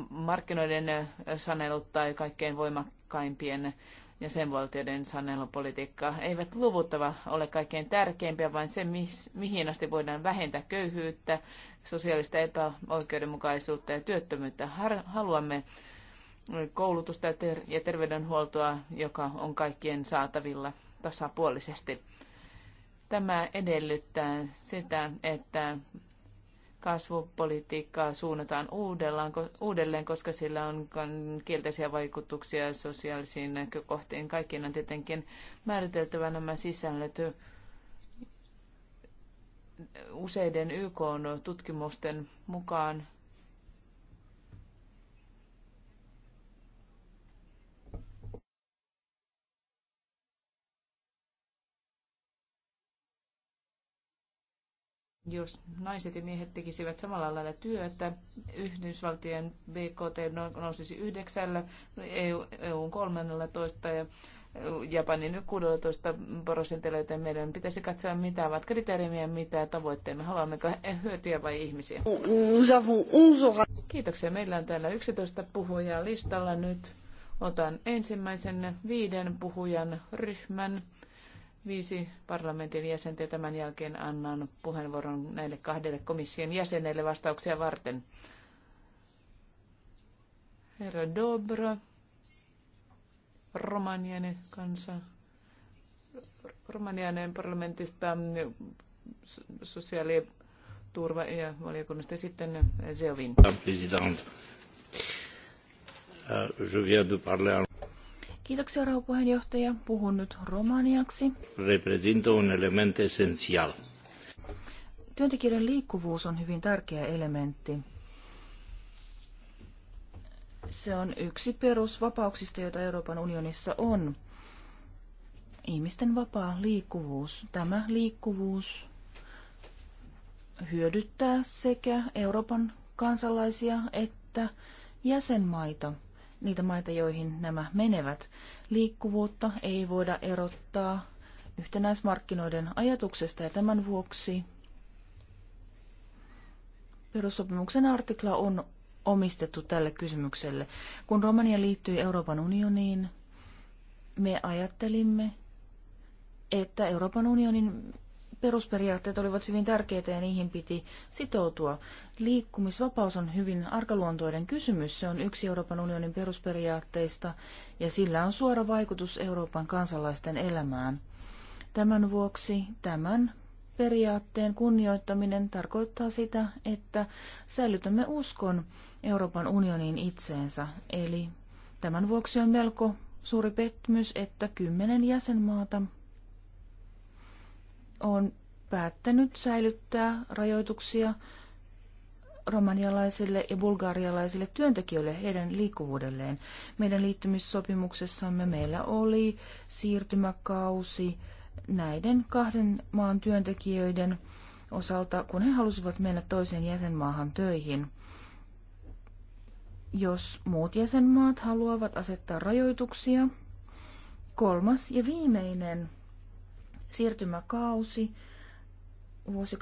A: markkinoiden sanelut tai kaikkein voimakkaimpien ja sen valtioiden sanelupolitiikkaa. Eivät luvut ole kaikkein tärkeimpiä, vaan se, mihin asti voidaan vähentää köyhyyttä, sosiaalista epäoikeudenmukaisuutta ja työttömyyttä. Haluamme koulutusta ja terveydenhuoltoa, joka on kaikkien saatavilla tasapuolisesti. Tämä edellyttää sitä, että kasvupolitiikkaa suunnataan uudelleen, koska sillä on kielteisiä vaikutuksia sosiaalisiin näkökohtiin. Kaikkien on tietenkin määriteltävä nämä sisällöt useiden YK-tutkimusten mukaan jos naiset ja miehet tekisivät samalla lailla työtä, Yhdysvaltien BKT nousisi yhdeksällä, EU, EUn 13 ja Japanin 16 prosentilla, joten meidän pitäisi katsoa, mitä ovat kriteerimiä, ja mitä tavoitteemme. Haluammeko hyötyä vai ihmisiä? Kiitoksia. Meillä on täällä 11 puhujaa listalla nyt. Otan ensimmäisen viiden puhujan ryhmän viisi parlamentin jäsentä ja tämän jälkeen annan puheenvuoron näille kahdelle komission jäsenelle vastauksia varten. Herra Dobro, romanianen kansa, romanianen parlamentista sosiaaliturva- ja
B: valiokunnasta sitten Zeovin.
C: Euh, je viens de parler
B: Kiitoksia, rouva puheenjohtaja. Puhun nyt romaniaksi.
C: Represento un element esencial.
B: Työntekijöiden liikkuvuus on hyvin tärkeä elementti. Se on yksi perusvapauksista, joita Euroopan unionissa on. Ihmisten vapaa liikkuvuus. Tämä liikkuvuus hyödyttää sekä Euroopan kansalaisia että jäsenmaita – niitä maita, joihin nämä menevät. Liikkuvuutta ei voida erottaa yhtenäismarkkinoiden ajatuksesta ja tämän vuoksi perussopimuksen artikla on omistettu tälle kysymykselle. Kun Romania liittyi Euroopan unioniin, me ajattelimme, että Euroopan unionin perusperiaatteet olivat hyvin tärkeitä ja niihin piti sitoutua. Liikkumisvapaus on hyvin arkaluontoinen kysymys. Se on yksi Euroopan unionin perusperiaatteista ja sillä on suora vaikutus Euroopan kansalaisten elämään. Tämän vuoksi tämän periaatteen kunnioittaminen tarkoittaa sitä, että säilytämme uskon Euroopan unionin itseensä. Eli tämän vuoksi on melko suuri pettymys, että kymmenen jäsenmaata – on päättänyt säilyttää rajoituksia romanialaisille ja bulgarialaisille työntekijöille heidän liikkuvuudelleen. Meidän liittymissopimuksessamme meillä oli siirtymäkausi näiden kahden maan työntekijöiden osalta, kun he halusivat mennä toiseen jäsenmaahan töihin. Jos muut jäsenmaat haluavat asettaa rajoituksia, kolmas ja viimeinen siirtymäkausi vuosi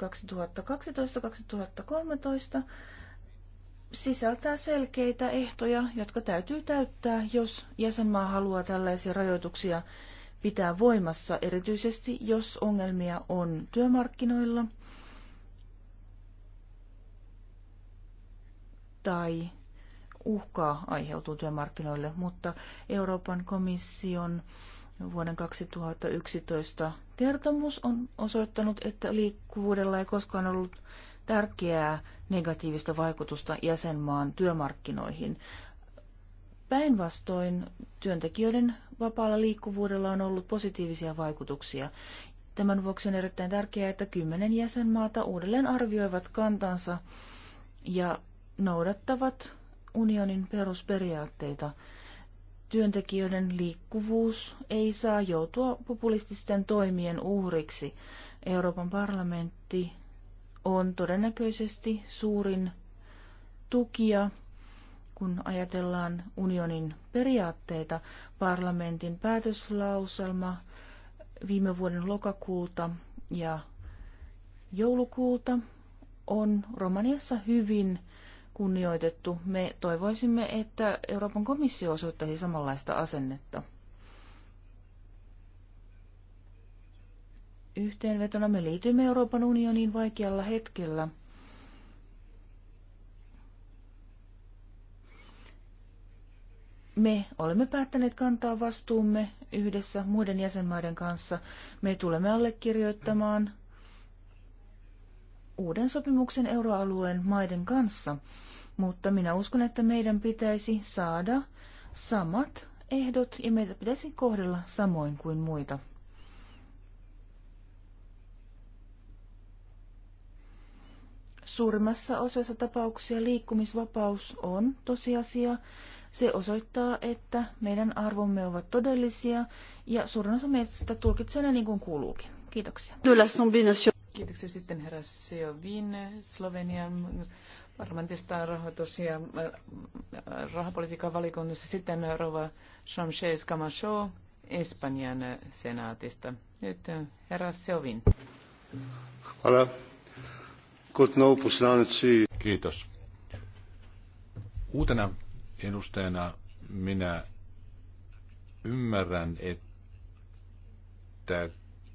B: 2012-2013 sisältää selkeitä ehtoja, jotka täytyy täyttää, jos jäsenmaa haluaa tällaisia rajoituksia pitää voimassa, erityisesti jos ongelmia on työmarkkinoilla tai uhkaa aiheutuu työmarkkinoille, mutta Euroopan komission Vuoden 2011 kertomus on osoittanut, että liikkuvuudella ei koskaan ollut tärkeää negatiivista vaikutusta jäsenmaan työmarkkinoihin. Päinvastoin työntekijöiden vapaalla liikkuvuudella on ollut positiivisia vaikutuksia. Tämän vuoksi on erittäin tärkeää, että kymmenen jäsenmaata uudelleen arvioivat kantansa ja noudattavat unionin perusperiaatteita työntekijöiden liikkuvuus ei saa joutua populististen toimien uhriksi. Euroopan parlamentti on todennäköisesti suurin tukija, kun ajatellaan unionin periaatteita. Parlamentin päätöslauselma viime vuoden lokakuulta ja joulukuulta on Romaniassa hyvin kunnioitettu. Me toivoisimme, että Euroopan komissio osoittaisi samanlaista asennetta. Yhteenvetona me liitymme Euroopan unioniin vaikealla hetkellä. Me olemme päättäneet kantaa vastuumme yhdessä muiden jäsenmaiden kanssa. Me tulemme allekirjoittamaan uuden sopimuksen euroalueen maiden kanssa, mutta minä uskon, että meidän pitäisi saada samat ehdot ja meitä pitäisi kohdella samoin kuin muita. Suurimmassa osassa tapauksia liikkumisvapaus on tosiasia. Se osoittaa, että meidän arvomme ovat todellisia ja suurin osa meistä tulkitsee ne niin kuin kuuluukin. Kiitoksia.
A: Kiitoksia sitten herra Seovin, Slovenian parlamentista rahoitus- ja äh, rahapolitiikan valikunnassa. Sitten rova Shamshes Kamasho Espanjan senaatista. Nyt äh, herra Seovin.
C: Hvala. Kiitos. Uutena edustajana minä ymmärrän, että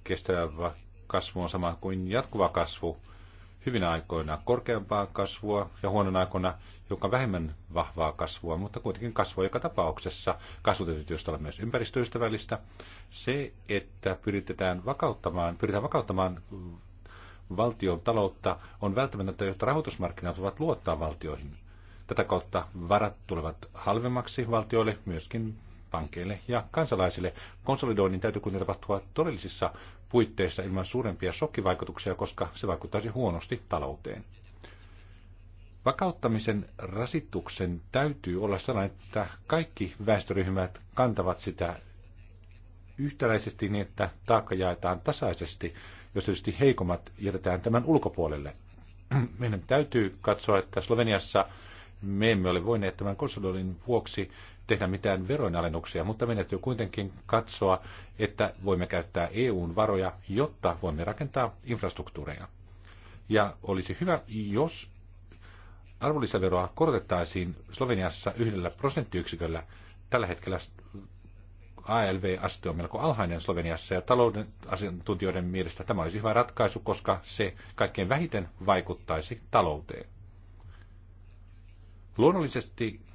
C: kestävä kasvu on sama kuin jatkuva kasvu. Hyvinä aikoina korkeampaa kasvua ja huonona aikoina joka vähemmän vahvaa kasvua, mutta kuitenkin kasvua joka tapauksessa. Kasvutyöstä on myös ympäristöystävällistä. Se, että pyritetään vakauttamaan, pyritään vakauttamaan mm, valtion taloutta, on välttämätöntä, jotta rahoitusmarkkinat ovat luottaa valtioihin. Tätä kautta varat tulevat halvemmaksi valtioille, myöskin pankeille ja kansalaisille. Konsolidoinnin täytyy kuitenkin tapahtua todellisissa puitteissa ilman suurempia shokkivaikutuksia, koska se vaikuttaisi huonosti talouteen. Vakauttamisen rasituksen täytyy olla sellainen, että kaikki väestöryhmät kantavat sitä yhtäläisesti niin, että taakka jaetaan tasaisesti, jos tietysti heikommat jätetään tämän ulkopuolelle. Meidän täytyy katsoa, että Sloveniassa me emme ole voineet tämän konsolidoinnin vuoksi tehdä mitään veroinalennuksia, mutta meidän täytyy kuitenkin katsoa, että voimme käyttää EUn varoja, jotta voimme rakentaa infrastruktuureja. Ja olisi hyvä, jos arvonlisäveroa korotettaisiin Sloveniassa yhdellä prosenttiyksiköllä. Tällä hetkellä ALV-aste on melko alhainen Sloveniassa ja talouden asiantuntijoiden mielestä tämä olisi hyvä ratkaisu, koska se kaikkein vähiten vaikuttaisi talouteen. Luonnollisesti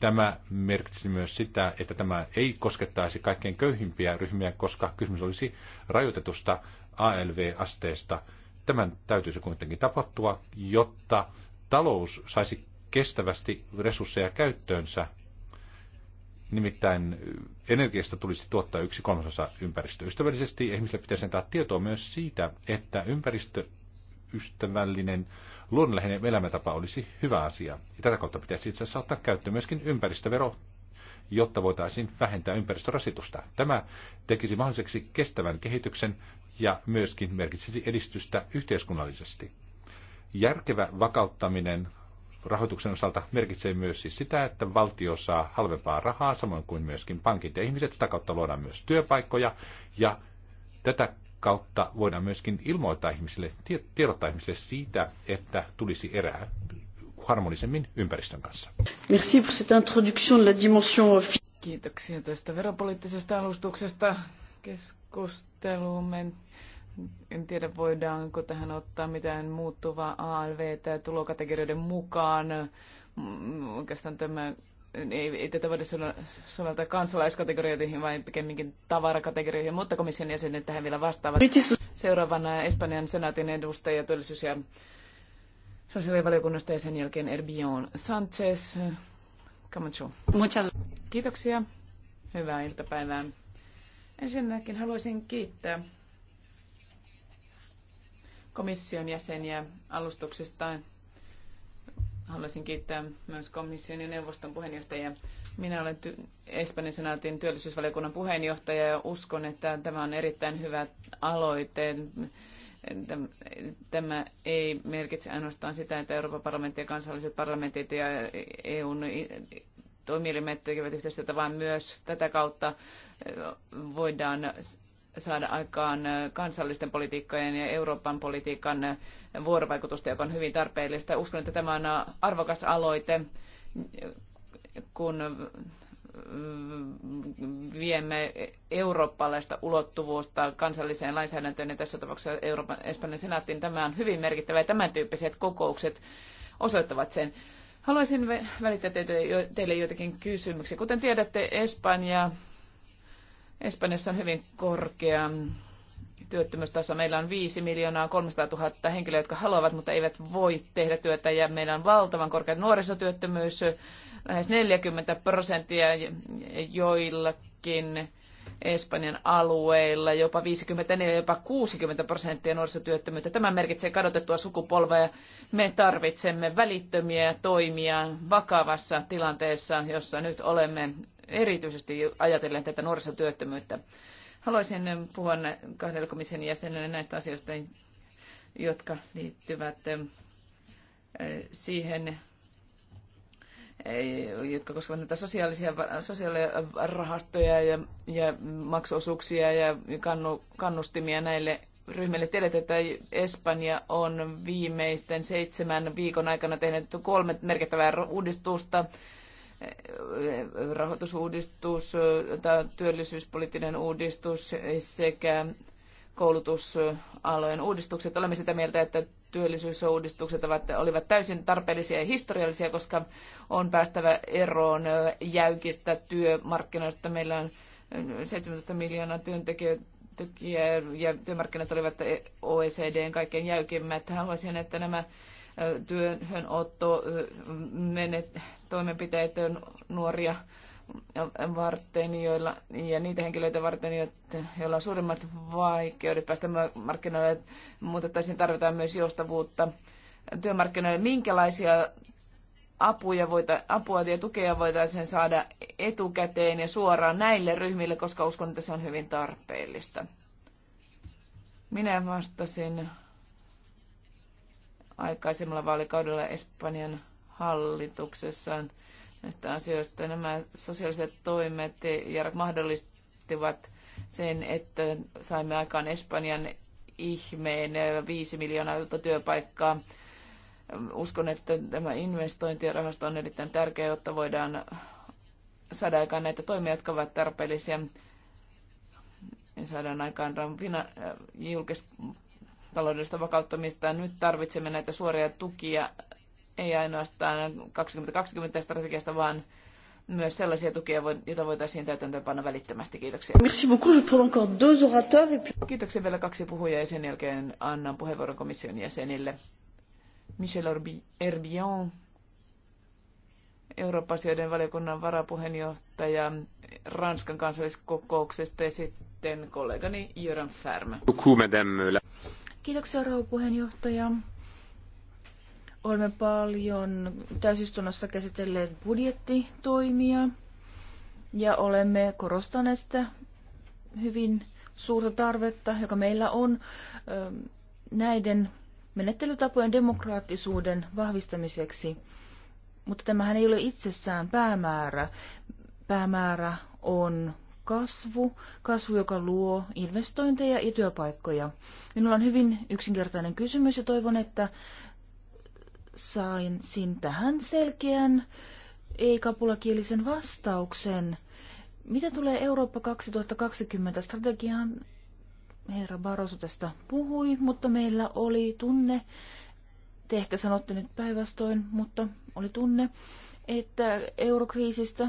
C: Tämä merkitsi myös sitä, että tämä ei koskettaisi kaikkein köyhimpiä ryhmiä, koska kysymys olisi rajoitetusta ALV-asteesta. Tämän täytyisi kuitenkin tapahtua, jotta talous saisi kestävästi resursseja käyttöönsä. Nimittäin energiasta tulisi tuottaa yksi kolmasosa ympäristöystävällisesti. Ihmisille pitäisi antaa tietoa myös siitä, että ympäristö ympäristöystävällinen, luonnonläheinen elämäntapa olisi hyvä asia. Ja tätä kautta pitäisi itse asiassa ottaa käyttöön myöskin ympäristövero, jotta voitaisiin vähentää ympäristörasitusta. Tämä tekisi mahdolliseksi kestävän kehityksen ja myöskin merkitsisi edistystä yhteiskunnallisesti. Järkevä vakauttaminen rahoituksen osalta merkitsee myös siis sitä, että valtio saa halvempaa rahaa, samoin kuin myöskin pankit ja ihmiset. Sitä kautta luodaan myös työpaikkoja ja tätä kautta voidaan myöskin ilmoittaa ihmisille, tiedottaa ihmisille siitä, että tulisi erää harmonisemmin ympäristön kanssa.
B: Merci pour cette introduction
A: de la dimension... Kiitoksia tästä veropoliittisesta alustuksesta keskusteluun. En tiedä, voidaanko tähän ottaa mitään muuttuvaa ALV- tai tulokategorioiden mukaan. Mm, oikeastaan tämä niin ei, ei tätä voida soveltaa kansalaiskategorioihin, vaan pikemminkin tavarakategorioihin, mutta komission jäsenet tähän vielä vastaavat. Seuraavana Espanjan senaatin edustaja työllisyys- ja sosiaalivaliokunnasta ja sen jälkeen Erbion Sanchez. Camacho. Muchas. Kiitoksia. Hyvää iltapäivää. Ensinnäkin haluaisin kiittää komission jäseniä alustuksestaan Haluaisin kiittää myös komission ja neuvoston puheenjohtajia. Minä olen ty- Espanjan senaatin työllisyysvaliokunnan puheenjohtaja ja uskon, että tämä on erittäin hyvä aloite. Tämä ei merkitse ainoastaan sitä, että Euroopan parlamentti ja kansalliset parlamentit ja EUn toimielimet tekevät yhteistyötä, vaan myös tätä kautta voidaan saada aikaan kansallisten politiikkojen ja Euroopan politiikan vuorovaikutusta, joka on hyvin tarpeellista. Uskon, että tämä on arvokas aloite, kun viemme eurooppalaista ulottuvuutta kansalliseen lainsäädäntöön ja tässä tapauksessa Euroopan Espanjan senaattiin. Tämä on hyvin merkittävä ja tämän tyyppiset kokoukset osoittavat sen. Haluaisin välittää teille, teille joitakin kysymyksiä. Kuten tiedätte, Espanja Espanjassa on hyvin korkea työttömyystaso. Meillä on 5 miljoonaa 300 000 henkilöä, jotka haluavat, mutta eivät voi tehdä työtä. Ja meillä on valtavan korkea nuorisotyöttömyys, lähes 40 prosenttia joillakin Espanjan alueilla, jopa 54, jopa 60 prosenttia nuorisotyöttömyyttä. Tämä merkitsee kadotettua sukupolvea. Me tarvitsemme välittömiä toimia vakavassa tilanteessa, jossa nyt olemme erityisesti ajatellen tätä nuorisotyöttömyyttä. Haluaisin puhua kahdelle komission jäsenelle näistä asioista, jotka liittyvät eh, siihen, eh, jotka koskevat näitä sosiaalisia, sosiaalirahastoja ja, ja maksuosuuksia ja kannu, kannustimia näille ryhmille. Tiedät, että Espanja on viimeisten seitsemän viikon aikana tehnyt kolme merkittävää uudistusta rahoitusuudistus, työllisyyspoliittinen uudistus sekä koulutusalojen uudistukset. Olemme sitä mieltä, että työllisyysuudistukset ovat, olivat täysin tarpeellisia ja historiallisia, koska on päästävä eroon jäykistä työmarkkinoista. Meillä on 17 miljoonaa työntekijää ja työmarkkinat olivat OECDn kaikkein jäykimmät. Haluaisin, että nämä työhönotto menet, toimenpiteet nuoria varten, joilla, ja niitä henkilöitä varten, joilla on suuremmat vaikeudet päästä markkinoille, mutta tässä tarvitaan myös joustavuutta työmarkkinoille. Minkälaisia apuja, voita, apua ja tukea voitaisiin saada etukäteen ja suoraan näille ryhmille, koska uskon, että se on hyvin tarpeellista. Minä vastasin aikaisemmalla vaalikaudella Espanjan hallituksessaan näistä asioista. Nämä sosiaaliset toimet ja mahdollistivat sen, että saimme aikaan Espanjan ihmeen viisi miljoonaa uutta työpaikkaa. Uskon, että tämä investointirahasto on erittäin tärkeä, jotta voidaan saada aikaan näitä toimia, jotka ovat tarpeellisia. Ja saadaan aikaan äh, taloudellista vakauttamista. Nyt tarvitsemme näitä suoria tukia ei ainoastaan 2020 strategiasta, vaan myös sellaisia tukia, joita voitaisiin täytäntöönpanna välittömästi. Kiitoksia. Merci
B: beaucoup. Je prends encore deux orateurs. Et
A: puis... Kiitoksia vielä kaksi puhujaa ja sen jälkeen annan puheenvuoron komission jäsenille. Michel Herbion, Eurooppa-asioiden valiokunnan varapuheenjohtaja Ranskan kansalliskokouksesta ja sitten kollegani Jöran Färmä.
B: Kiitoksia rouva puheenjohtaja. Olemme paljon täysistunnossa käsitelleet budjettitoimia ja olemme korostaneet sitä hyvin suurta tarvetta, joka meillä on ähm, näiden menettelytapojen demokraattisuuden vahvistamiseksi. Mutta tämähän ei ole itsessään päämäärä. Päämäärä on kasvu, kasvu, joka luo investointeja ja työpaikkoja. Minulla on hyvin yksinkertainen kysymys ja toivon, että sain sin tähän selkeän ei-kapulakielisen vastauksen. Mitä tulee Eurooppa 2020 strategiaan, herra Barroso tästä puhui, mutta meillä oli tunne, te ehkä sanotte nyt päinvastoin, mutta oli tunne, että eurokriisistä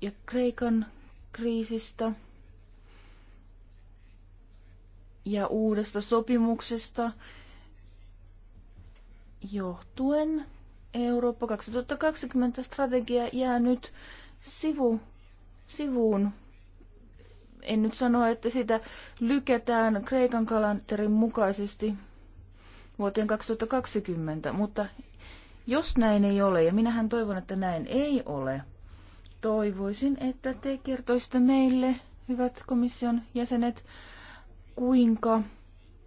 B: ja Kreikan kriisistä ja uudesta sopimuksesta johtuen Eurooppa 2020 strategia jää nyt sivu, sivuun. En nyt sano, että sitä lykätään Kreikan kalenterin mukaisesti vuoteen 2020, mutta jos näin ei ole, ja minähän toivon, että näin ei ole, toivoisin, että te kertoisitte meille, hyvät komission jäsenet, kuinka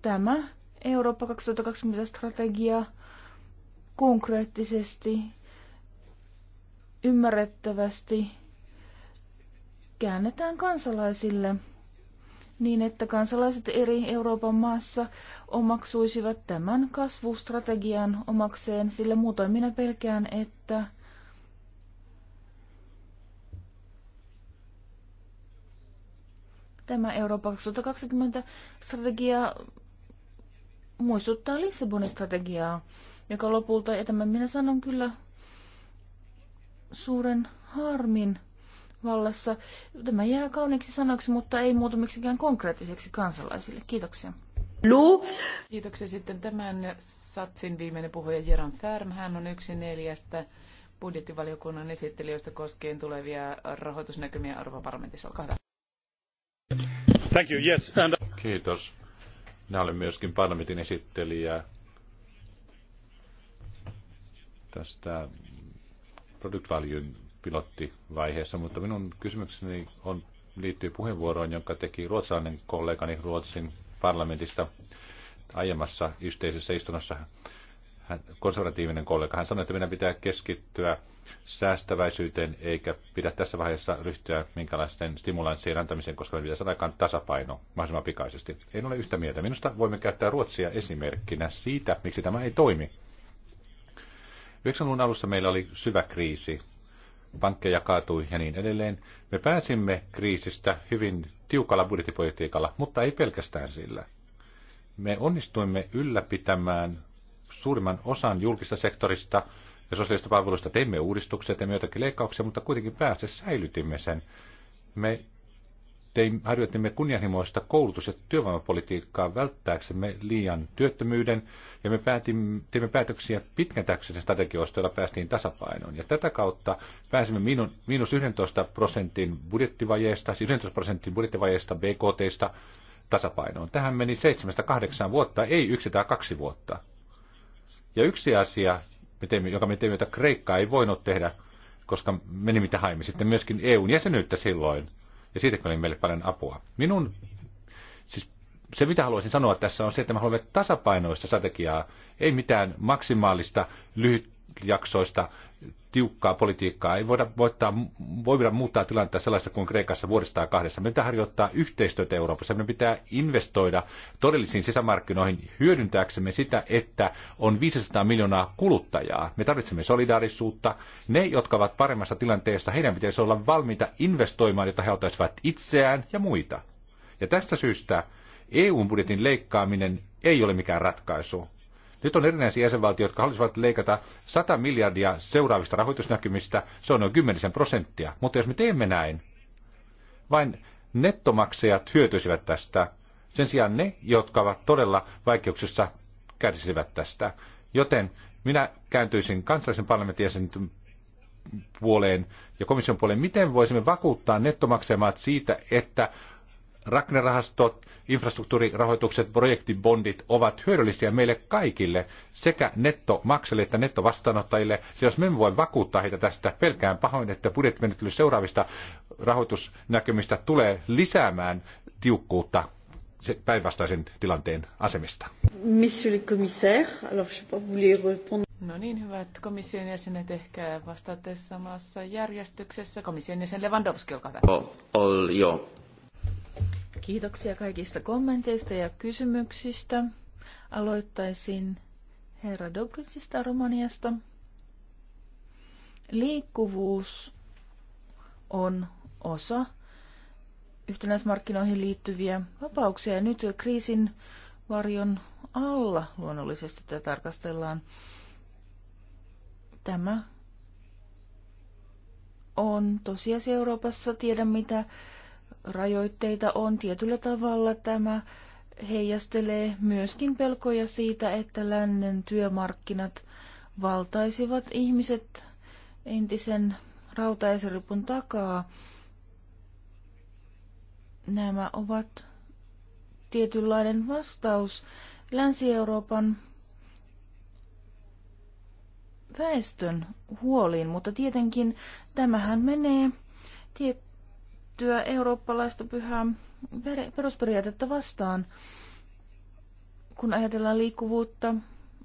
B: tämä Eurooppa 2020 strategia konkreettisesti, ymmärrettävästi käännetään kansalaisille niin, että kansalaiset eri Euroopan maassa omaksuisivat tämän kasvustrategian omakseen, sillä muutoin minä pelkään, että tämä Euroopan 2020 strategia muistuttaa Lissabonin strategiaa, joka lopulta, ja tämän minä sanon kyllä suuren harmin vallassa. Tämä jää kauniiksi sanoksi, mutta ei muutu miksikään konkreettiseksi kansalaisille. Kiitoksia. Lu.
A: Kiitoksia sitten tämän satsin viimeinen puhuja Jeran Färm. Hän on yksi neljästä budjettivaliokunnan esittelijöistä koskien tulevia rahoitusnäkymiä Euroopan parlamentissa. Olkaa hyvä.
C: Thank you. Yes, and... Kiitos. Minä olen myöskin parlamentin esittelijä tästä product valuein pilottivaiheessa, mutta minun kysymykseni on, liittyy puheenvuoroon, jonka teki ruotsalainen kollegani Ruotsin parlamentista aiemmassa yhteisessä istunnossa hän, konservatiivinen kollega, hän sanoi, että meidän pitää keskittyä säästäväisyyteen eikä pidä tässä vaiheessa ryhtyä minkälaisten stimulanssien antamiseen, koska meidän pitäisi saada aikaan tasapaino mahdollisimman pikaisesti. En ole yhtä mieltä. Minusta voimme käyttää Ruotsia esimerkkinä siitä, miksi tämä ei toimi. 90-luvun alussa meillä oli syvä kriisi. Pankkeja kaatui ja niin edelleen. Me pääsimme kriisistä hyvin tiukalla budjettipolitiikalla, mutta ei pelkästään sillä. Me onnistuimme ylläpitämään suurimman osan julkista sektorista ja sosiaalista palveluista teimme uudistuksia, teimme jotakin leikkauksia, mutta kuitenkin päässä säilytimme sen. Me teimme harjoitimme kunnianhimoista koulutus- ja työvoimapolitiikkaa välttääksemme liian työttömyyden, ja me päätimme, teimme päätöksiä pitkän täksyn strategioista, joilla päästiin tasapainoon. Ja tätä kautta pääsimme miinus 11 prosentin budjettivajeesta, siis 11 prosentin budjettivajeesta BKTsta tasapainoon. Tähän meni 7-8 vuotta, ei yksi tai kaksi vuotta. Ja yksi asia, joka me teimme, jota Kreikka ei voinut tehdä, koska meni mitä haimme sitten myöskin EUn jäsenyyttä silloin. Ja siitä oli meille paljon apua. Minun, siis se mitä haluaisin sanoa tässä on se, että me haluamme tasapainoista strategiaa, ei mitään maksimaalista lyhytjaksoista tiukkaa politiikkaa. Ei voida, voittaa, voi voida muuttaa tilannetta sellaista kuin Kreikassa vuodesta kahdessa. Meidän pitää harjoittaa yhteistyötä Euroopassa. Meidän pitää investoida todellisiin sisämarkkinoihin hyödyntääksemme sitä, että on 500 miljoonaa kuluttajaa. Me tarvitsemme solidaarisuutta. Ne, jotka ovat paremmassa tilanteessa, heidän pitäisi olla valmiita investoimaan, jotta he ottaisivat itseään ja muita. Ja tästä syystä EU-budjetin leikkaaminen ei ole mikään ratkaisu. Nyt on erinäisiä jäsenvaltioita, jotka haluaisivat leikata 100 miljardia seuraavista rahoitusnäkymistä. Se on noin 10 prosenttia. Mutta jos me teemme näin, vain nettomaksajat hyötyisivät tästä. Sen sijaan ne, jotka ovat todella vaikeuksissa, kärsivät tästä. Joten minä kääntyisin kansallisen parlamentin jäsenten puoleen ja komission puoleen, miten voisimme vakuuttaa nettomaksajamaat siitä, että Raknerahastot, infrastruktuurirahoitukset, projektibondit ovat hyödyllisiä meille kaikille, sekä nettomaksajille että nettovastaanottajille. Sillä jos me emme voi vakuuttaa heitä tästä, pelkään pahoin, että budjettimenettely seuraavista rahoitusnäkymistä tulee lisäämään tiukkuutta päinvastaisen tilanteen asemista. Monsieur le commissaire, alors je
A: pas répondre. No niin, hyvät komission jäsenet, ehkä vastaatte samassa järjestyksessä.
B: Komission jäsen Lewandowski, olkaa hyvä.
C: All, joo.
B: Kiitoksia kaikista kommenteista ja kysymyksistä. Aloittaisin herra Dobritsista Romaniasta. Liikkuvuus on osa yhtenäismarkkinoihin liittyviä vapauksia ja nyt kriisin varjon alla luonnollisesti tätä tarkastellaan. Tämä on tosiasia Euroopassa. Tiedän, mitä rajoitteita on tietyllä tavalla tämä heijastelee myöskin pelkoja siitä, että lännen työmarkkinat valtaisivat ihmiset entisen rautaesiripun takaa. Nämä ovat tietynlainen vastaus Länsi-Euroopan väestön huoliin, mutta tietenkin tämähän menee tiet- kääntyä eurooppalaista pyhää perusperiaatetta vastaan, kun ajatellaan liikkuvuutta,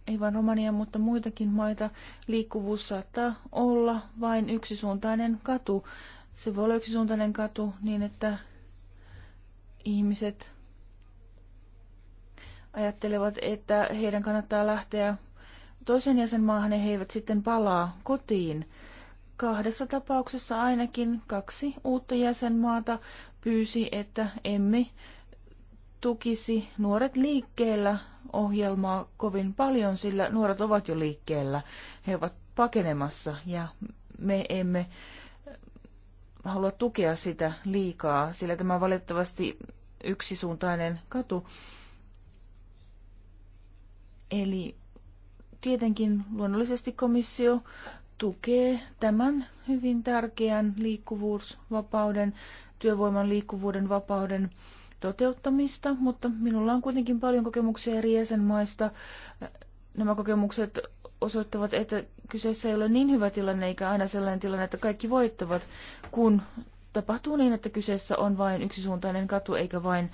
B: ei vain Romania, mutta muitakin maita, liikkuvuus saattaa olla vain yksisuuntainen katu. Se voi olla yksisuuntainen katu niin, että ihmiset ajattelevat, että heidän kannattaa lähteä toisen jäsenmaahan ja he eivät sitten palaa kotiin. Kahdessa tapauksessa ainakin kaksi uutta jäsenmaata pyysi, että emme tukisi nuoret liikkeellä ohjelmaa kovin paljon, sillä nuoret ovat jo liikkeellä. He ovat pakenemassa ja me emme halua tukea sitä liikaa, sillä tämä on valitettavasti yksisuuntainen katu. Eli tietenkin luonnollisesti komissio tukee tämän hyvin tärkeän liikkuvuusvapauden, työvoiman liikkuvuuden vapauden toteuttamista, mutta minulla on kuitenkin paljon kokemuksia eri jäsenmaista. Nämä kokemukset osoittavat, että kyseessä ei ole niin hyvä tilanne eikä aina sellainen tilanne, että kaikki voittavat, kun tapahtuu niin, että kyseessä on vain yksisuuntainen katu eikä vain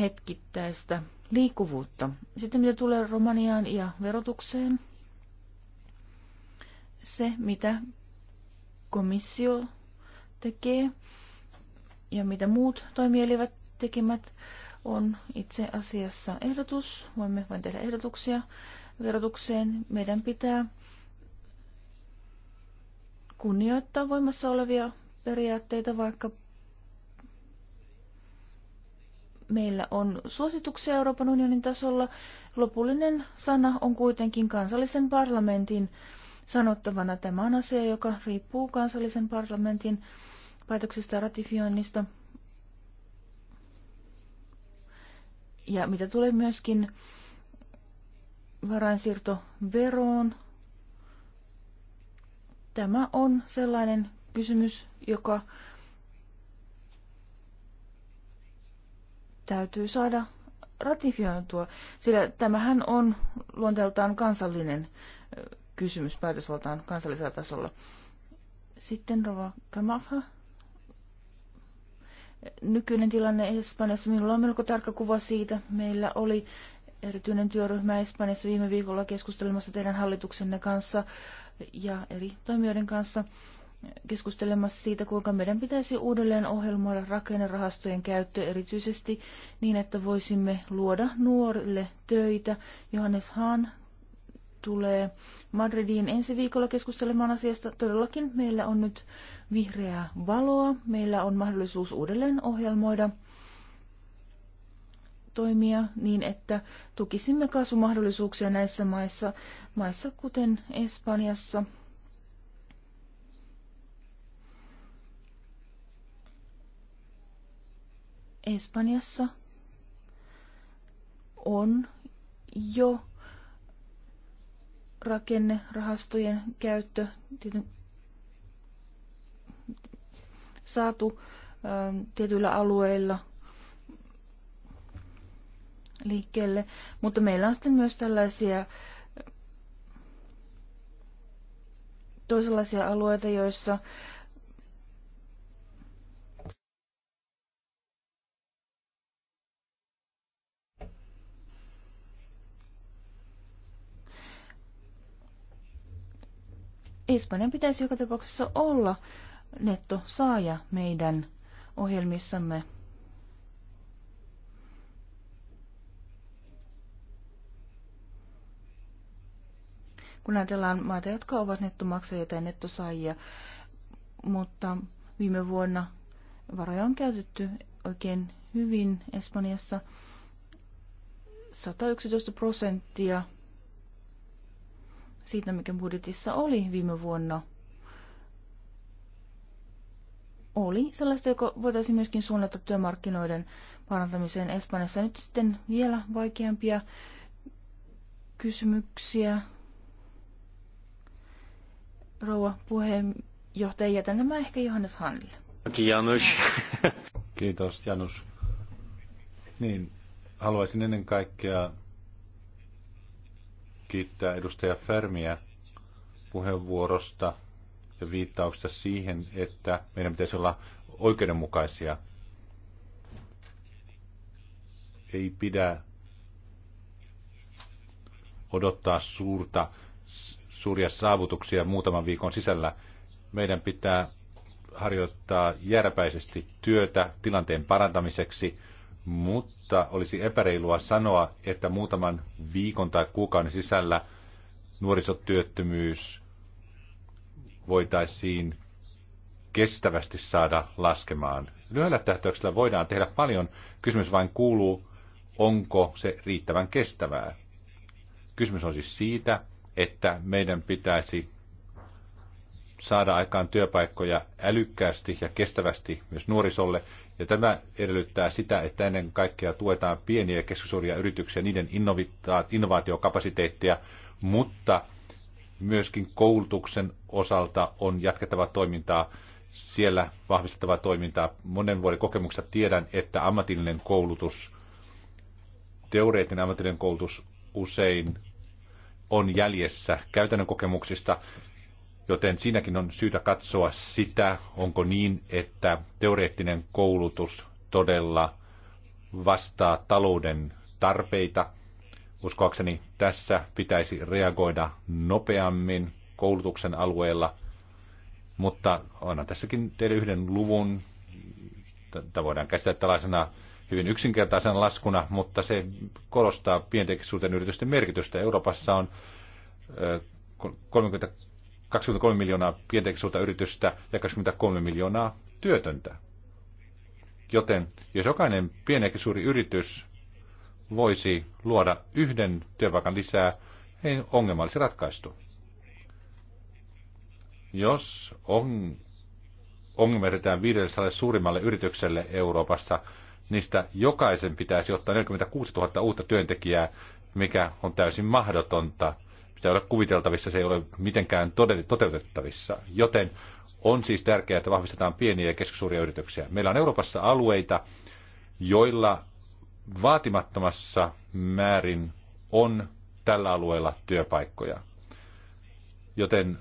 B: hetkittäistä liikkuvuutta. Sitten mitä tulee Romaniaan ja verotukseen, se, mitä komissio tekee ja mitä muut toimielivät tekemät, on itse asiassa ehdotus. Voimme vain tehdä ehdotuksia verotukseen. Meidän pitää kunnioittaa voimassa olevia periaatteita, vaikka meillä on suosituksia Euroopan unionin tasolla. Lopullinen sana on kuitenkin kansallisen parlamentin sanottavana. Tämä on asia, joka riippuu kansallisen parlamentin päätöksestä ja ratifioinnista. Ja mitä tulee myöskin varainsiirtoveroon, tämä on sellainen kysymys, joka täytyy saada ratifioitua, sillä tämähän on luonteeltaan kansallinen kysymys päätösvaltaan kansallisella tasolla. Sitten Rova Kamaha. Nykyinen tilanne Espanjassa, minulla on melko tarkka kuva siitä. Meillä oli erityinen työryhmä Espanjassa viime viikolla keskustelemassa teidän hallituksenne kanssa ja eri toimijoiden kanssa keskustelemassa siitä, kuinka meidän pitäisi uudelleen ohjelmoida rakennerahastojen käyttö erityisesti niin, että voisimme luoda nuorille töitä. Johannes Hahn tulee Madridiin ensi viikolla keskustelemaan asiasta. Todellakin meillä on nyt vihreää valoa. Meillä on mahdollisuus uudelleen ohjelmoida toimia niin, että tukisimme kasvumahdollisuuksia näissä maissa, maissa kuten Espanjassa. Espanjassa on jo rakennerahastojen käyttö saatu ähm, tietyillä alueilla liikkeelle, mutta meillä on sitten myös tällaisia toisenlaisia alueita, joissa Espanjan pitäisi joka tapauksessa olla nettosaaja meidän ohjelmissamme. Kun ajatellaan maita, jotka ovat nettomaksajia tai nettosaajia, mutta viime vuonna varoja on käytetty oikein hyvin Espanjassa 111 prosenttia siitä, mikä budjetissa oli viime vuonna, oli sellaista, joka voitaisiin myöskin suunnata työmarkkinoiden parantamiseen Espanjassa. Nyt sitten vielä vaikeampia kysymyksiä. Rouva puheenjohtaja, jätän nämä ehkä Johannes Handille.
C: Janus. Kiitos, Janus. Niin, haluaisin ennen kaikkea kiittää edustaja Färmiä puheenvuorosta ja viittauksesta siihen, että meidän pitäisi olla oikeudenmukaisia. Ei pidä odottaa suurta, suuria saavutuksia muutaman viikon sisällä. Meidän pitää harjoittaa järpäisesti työtä tilanteen parantamiseksi – mutta olisi epäreilua sanoa, että muutaman viikon tai kuukauden sisällä nuorisotyöttömyys voitaisiin kestävästi saada laskemaan. Lyhyellä tähtäyksellä voidaan tehdä paljon. Kysymys vain kuuluu, onko se riittävän kestävää. Kysymys on siis siitä, että meidän pitäisi saada aikaan työpaikkoja älykkäästi ja kestävästi myös nuorisolle, ja tämä edellyttää sitä, että ennen kaikkea tuetaan pieniä ja keskisuuria yrityksiä, niiden innovaatiokapasiteettia, mutta myöskin koulutuksen osalta on jatkettava toimintaa, siellä vahvistettava toimintaa. Monen vuoden kokemuksesta tiedän, että ammatillinen koulutus, teoreettinen ammatillinen koulutus usein on jäljessä käytännön kokemuksista Joten siinäkin on syytä katsoa sitä, onko niin, että teoreettinen koulutus todella vastaa talouden tarpeita. Uskoakseni tässä pitäisi reagoida nopeammin koulutuksen alueella, mutta annan tässäkin teille yhden luvun. Tätä voidaan käsitellä tällaisena hyvin yksinkertaisena laskuna, mutta se korostaa pientekisuuden yritysten merkitystä. Euroopassa on 30 23 miljoonaa pientä yritystä ja 23 miljoonaa työtöntä. Joten jos jokainen pieni suuri yritys voisi luoda yhden työpaikan lisää, niin ongelma olisi ratkaistu. Jos on, ongelma jätetään 500 suurimmalle yritykselle Euroopassa, niistä jokaisen pitäisi ottaa 46 000 uutta työntekijää, mikä on täysin mahdotonta – pitää olla kuviteltavissa, se ei ole mitenkään toteutettavissa. Joten on siis tärkeää, että vahvistetaan pieniä ja keskisuuria yrityksiä. Meillä on Euroopassa alueita, joilla vaatimattomassa määrin on tällä alueella työpaikkoja. Joten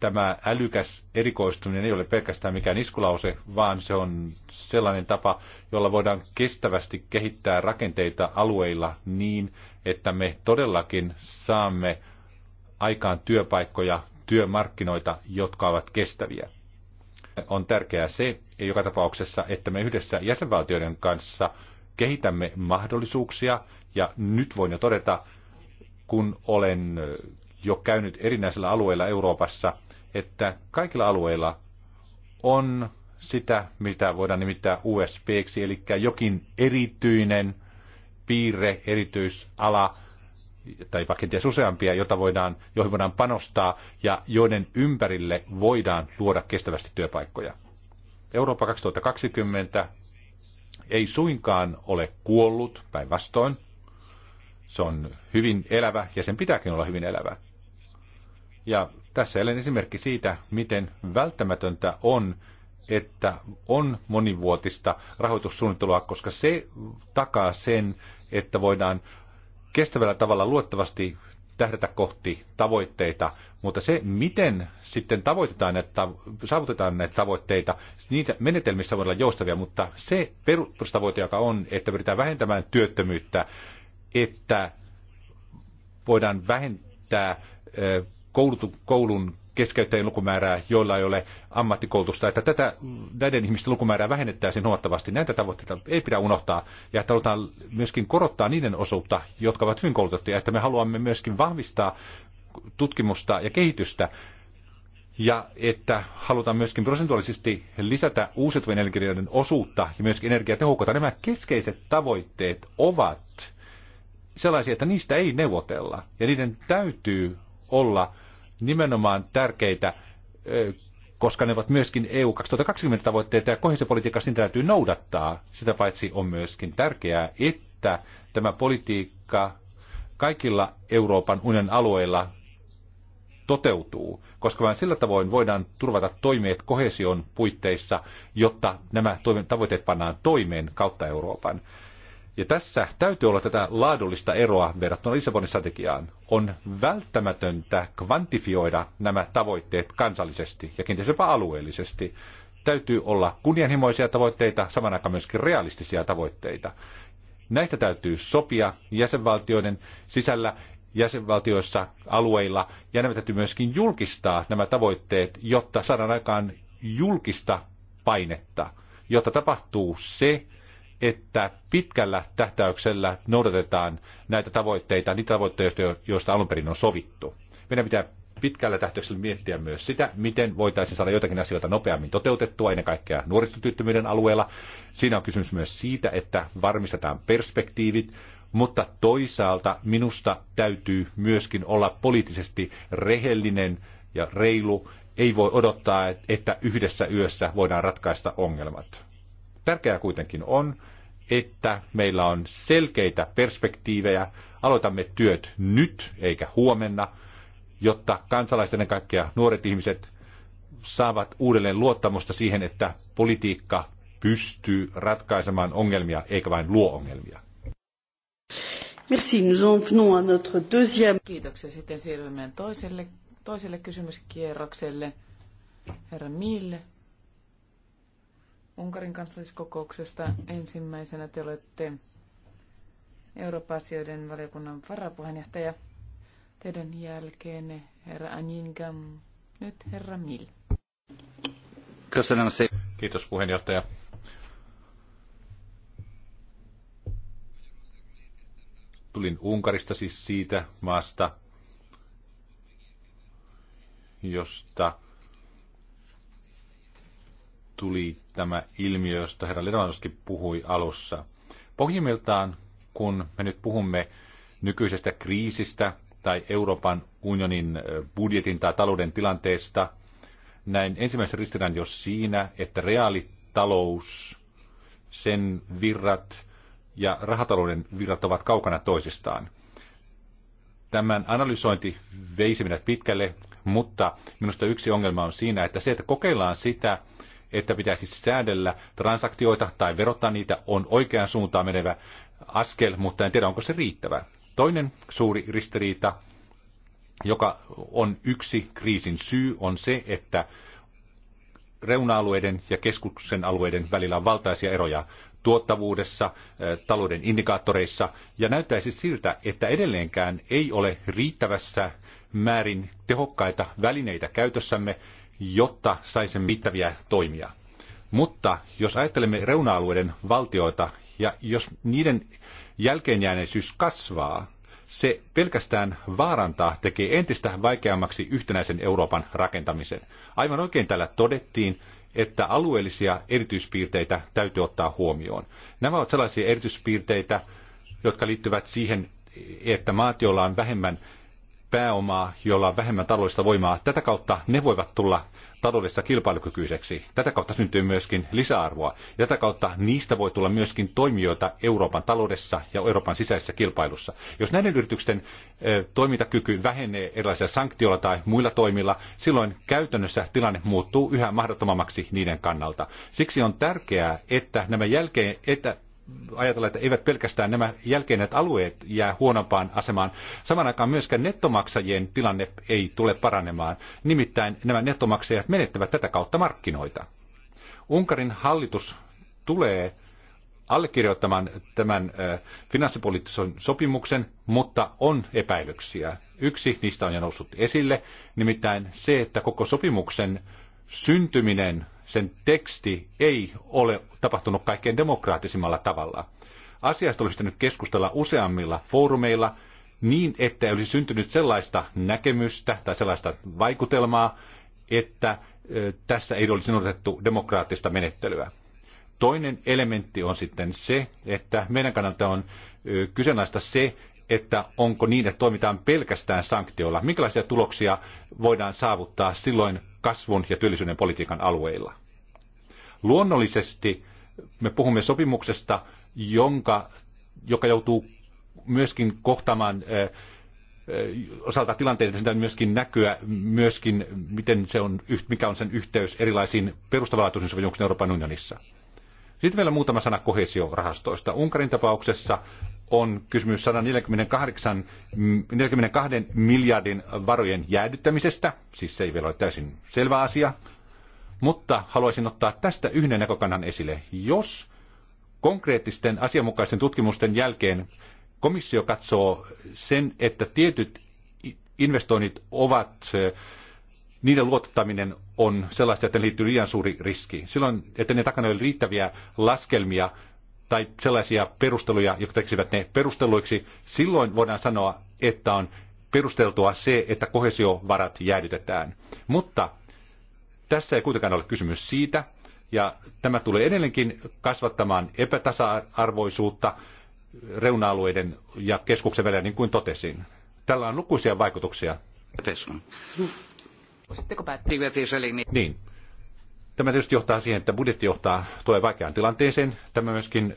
C: tämä älykäs erikoistuminen ei ole pelkästään mikään iskulause, vaan se on sellainen tapa, jolla voidaan kestävästi kehittää rakenteita alueilla niin, että me todellakin saamme aikaan työpaikkoja, työmarkkinoita, jotka ovat kestäviä. On tärkeää se, joka tapauksessa, että me yhdessä jäsenvaltioiden kanssa kehitämme mahdollisuuksia, ja nyt voin jo todeta, kun olen jo käynyt erinäisillä alueilla Euroopassa – että kaikilla alueilla on sitä, mitä voidaan nimittää USPksi, eli jokin erityinen piirre, erityisala, tai vaikka kenties useampia, jota voidaan, joihin voidaan panostaa ja joiden ympärille voidaan luoda kestävästi työpaikkoja. Eurooppa 2020 ei suinkaan ole kuollut, päinvastoin. Se on hyvin elävä ja sen pitääkin olla hyvin elävä. Ja tässä jälleen esimerkki siitä, miten välttämätöntä on, että on monivuotista rahoitussuunnittelua, koska se takaa sen, että voidaan kestävällä tavalla luottavasti tähdätä kohti tavoitteita, mutta se, miten sitten tavoitetaan näitä, saavutetaan näitä tavoitteita, niitä menetelmissä voi olla joustavia, mutta se perustavoite, joka on, että pyritään vähentämään työttömyyttä, että voidaan vähentää koulutu, koulun keskeyttäjien lukumäärää, joilla ei ole ammattikoulutusta, että tätä, näiden ihmisten lukumäärää vähennettäisiin huomattavasti. Näitä tavoitteita ei pidä unohtaa ja että halutaan myöskin korottaa niiden osuutta, jotka ovat hyvin koulutettuja, että me haluamme myöskin vahvistaa tutkimusta ja kehitystä ja että halutaan myöskin prosentuaalisesti lisätä uusiutuvien energioiden osuutta ja myöskin energiatehokkuutta. Nämä keskeiset tavoitteet ovat sellaisia, että niistä ei neuvotella ja niiden täytyy olla nimenomaan tärkeitä, koska ne ovat myöskin EU 2020 tavoitteita ja kohesiopolitiikassa niitä täytyy noudattaa. Sitä paitsi on myöskin tärkeää, että tämä politiikka kaikilla Euroopan unionin alueilla toteutuu, koska vain sillä tavoin voidaan turvata toimeet kohesion puitteissa, jotta nämä tavoitteet pannaan toimeen kautta Euroopan. Ja tässä täytyy olla tätä laadullista eroa verrattuna Lissabonin strategiaan. On välttämätöntä kvantifioida nämä tavoitteet kansallisesti ja kenties jopa alueellisesti. Täytyy olla kunnianhimoisia tavoitteita, saman aikaan myöskin realistisia tavoitteita. Näistä täytyy sopia jäsenvaltioiden sisällä, jäsenvaltioissa, alueilla, ja nämä täytyy myöskin julkistaa nämä tavoitteet, jotta saadaan aikaan julkista painetta, jotta tapahtuu se, että pitkällä tähtäyksellä noudatetaan näitä tavoitteita, niitä tavoitteita, joista alun perin on sovittu. Meidän pitää pitkällä tähtäyksellä miettiä myös sitä, miten voitaisiin saada jotakin asioita nopeammin toteutettua, ennen kaikkea nuorisotyöttömyyden alueella. Siinä on kysymys myös siitä, että varmistetaan perspektiivit, mutta toisaalta minusta täytyy myöskin olla poliittisesti rehellinen ja reilu. Ei voi odottaa, että yhdessä yössä voidaan ratkaista ongelmat. Tärkeää kuitenkin on, että meillä on selkeitä perspektiivejä. Aloitamme työt nyt eikä huomenna, jotta kansalaiset ennen kaikkea nuoret ihmiset saavat uudelleen luottamusta siihen, että politiikka pystyy ratkaisemaan ongelmia eikä vain luo ongelmia.
A: Merci. Nous à notre deuxième. Kiitoksia. Sitten siirrymme toiselle, toiselle kysymyskierrokselle. Herra Mille Unkarin kansalliskokouksesta. Ensimmäisenä te olette Eurooppa-asioiden valiokunnan varapuheenjohtaja. Teidän jälkeen herra Aningam, nyt herra Mil.
C: Kiitos puheenjohtaja. Tulin Unkarista siis siitä maasta, josta tuli tämä ilmiö, josta herra Leronoskin puhui alussa. Pohjimmiltaan, kun me nyt puhumme nykyisestä kriisistä tai Euroopan unionin budjetin tai talouden tilanteesta, näin ensimmäisen ristiriidan jo siinä, että reaalitalous, sen virrat ja rahatalouden virrat ovat kaukana toisistaan. Tämän analysointi veisi minä pitkälle, mutta minusta yksi ongelma on siinä, että se, että kokeillaan sitä, että pitäisi säädellä transaktioita tai verottaa niitä, on oikeaan suuntaan menevä askel, mutta en tiedä, onko se riittävä. Toinen suuri ristiriita, joka on yksi kriisin syy, on se, että reuna-alueiden ja keskuksen alueiden välillä on valtaisia eroja tuottavuudessa, äh, talouden indikaattoreissa, ja näyttäisi siltä, että edelleenkään ei ole riittävässä määrin tehokkaita välineitä käytössämme, jotta saisimme mittavia toimia. Mutta jos ajattelemme reuna-alueiden valtioita ja jos niiden jälkeenjääneisyys kasvaa, se pelkästään vaarantaa tekee entistä vaikeammaksi yhtenäisen Euroopan rakentamisen. Aivan oikein täällä todettiin, että alueellisia erityispiirteitä täytyy ottaa huomioon. Nämä ovat sellaisia erityispiirteitä, jotka liittyvät siihen, että maat, joilla on vähemmän pääomaa, jolla on vähemmän taloudellista voimaa. Tätä kautta ne voivat tulla taloudessa kilpailukykyiseksi. Tätä kautta syntyy myöskin lisäarvoa. Ja tätä kautta niistä voi tulla myöskin toimijoita Euroopan taloudessa ja Euroopan sisäisessä kilpailussa. Jos näiden yritysten toimintakyky vähenee erilaisilla sanktioilla tai muilla toimilla, silloin käytännössä tilanne muuttuu yhä mahdottomammaksi niiden kannalta. Siksi on tärkeää, että nämä jälkeen, että ajatella, että eivät pelkästään nämä jälkeenet alueet jää huonompaan asemaan. Saman aikaan myöskään nettomaksajien tilanne ei tule paranemaan. Nimittäin nämä nettomaksajat menettävät tätä kautta markkinoita. Unkarin hallitus tulee allekirjoittamaan tämän finanssipoliittisen sopimuksen, mutta on epäilyksiä. Yksi niistä on jo noussut esille, nimittäin se, että koko sopimuksen syntyminen sen teksti ei ole tapahtunut kaikkein demokraattisimmalla tavalla. Asiasta olisi pitänyt keskustella useammilla foorumeilla niin, että ei olisi syntynyt sellaista näkemystä tai sellaista vaikutelmaa, että tässä ei olisi noudatettu demokraattista menettelyä. Toinen elementti on sitten se, että meidän kannalta on kyseenalaista se, että onko niin, että toimitaan pelkästään sanktioilla. Minkälaisia tuloksia voidaan saavuttaa silloin, kasvun ja työllisyyden politiikan alueilla. Luonnollisesti me puhumme sopimuksesta, jonka, joka joutuu myöskin kohtaamaan osalta tilanteita, sitä myöskin näkyä, myöskin miten se on, mikä on sen yhteys erilaisiin perustavanlaatuisiin sopimuksiin Euroopan unionissa. Sitten vielä muutama sana kohesiorahastoista. Unkarin tapauksessa on kysymys 148, 42 miljardin varojen jäädyttämisestä, siis se ei vielä ole täysin selvä asia, mutta haluaisin ottaa tästä yhden näkökannan esille. Jos konkreettisten asianmukaisten tutkimusten jälkeen komissio katsoo sen, että tietyt investoinnit ovat, eh, niiden luottaminen on sellaista, että ne liittyy liian suuri riski. Silloin, että ne takana ei ole riittäviä laskelmia tai sellaisia perusteluja, jotka tekisivät ne perusteluiksi, silloin voidaan sanoa, että on perusteltua se, että kohesiovarat jäädytetään. Mutta tässä ei kuitenkaan ole kysymys siitä, ja tämä tulee edelleenkin kasvattamaan epätasa-arvoisuutta reuna-alueiden ja keskuksen välillä, niin kuin totesin. Tällä on lukuisia vaikutuksia. Pesun. Voisitteko päättää? Niin. Tämä tietysti johtaa siihen, että budjetti johtaa, tulee vaikeaan tilanteeseen. Tämä myöskin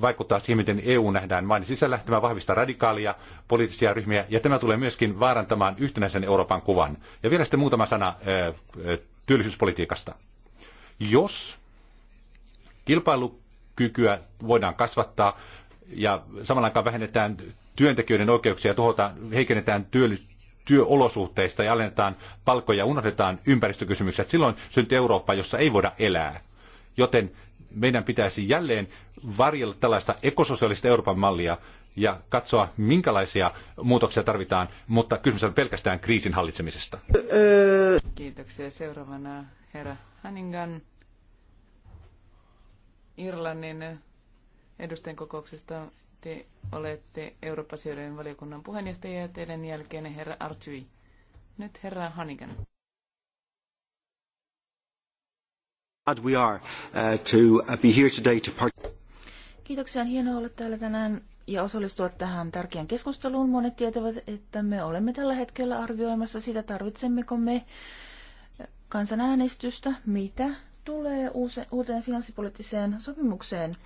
C: vaikuttaa siihen, miten EU nähdään maan sisällä. Tämä vahvistaa radikaalia poliittisia ryhmiä ja tämä tulee myöskin vaarantamaan yhtenäisen Euroopan kuvan. Ja vielä sitten muutama sana työllisyyspolitiikasta. Jos kilpailukykyä voidaan kasvattaa ja samalla aikaan vähennetään työntekijöiden oikeuksia ja tuhotaan, heikennetään työllisyyttä, työolosuhteista ja alennetaan palkkoja ja unohdetaan ympäristökysymykset, silloin syntyy Eurooppa, jossa ei voida elää. Joten meidän pitäisi jälleen varjella tällaista ekososiaalista Euroopan mallia ja katsoa, minkälaisia muutoksia tarvitaan, mutta kysymys on pelkästään kriisin hallitsemisesta.
A: Kiitoksia. Seuraavana herra Hanningan Irlannin edustajan kokouksesta te olette Eurooppa-asioiden valiokunnan puheenjohtaja ja teidän jälkeen herra Artui. Nyt herra Hanikan.
C: We are, uh, to uh, be here today to part-
B: Kiitoksia, on hienoa olla täällä tänään ja osallistua tähän tärkeään keskusteluun. Monet tietävät, että me olemme tällä hetkellä arvioimassa sitä, tarvitsemmeko me kansanäänestystä, mitä tulee uuteen finanssipoliittiseen sopimukseen.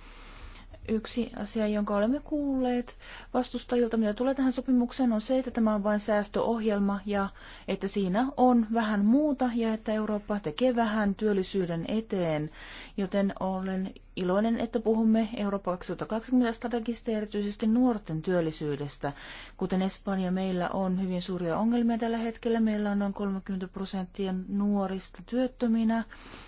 B: Yksi asia, jonka olemme kuulleet vastustajilta, mitä tulee tähän sopimukseen, on se, että tämä on vain säästöohjelma ja että siinä on vähän muuta ja että Eurooppa tekee vähän työllisyyden eteen, joten olen iloinen, että puhumme Eurooppa 2020 strategista ja erityisesti nuorten työllisyydestä. Kuten Espanja, meillä on hyvin suuria ongelmia tällä hetkellä. Meillä on noin 30 prosenttia nuorista työttöminä.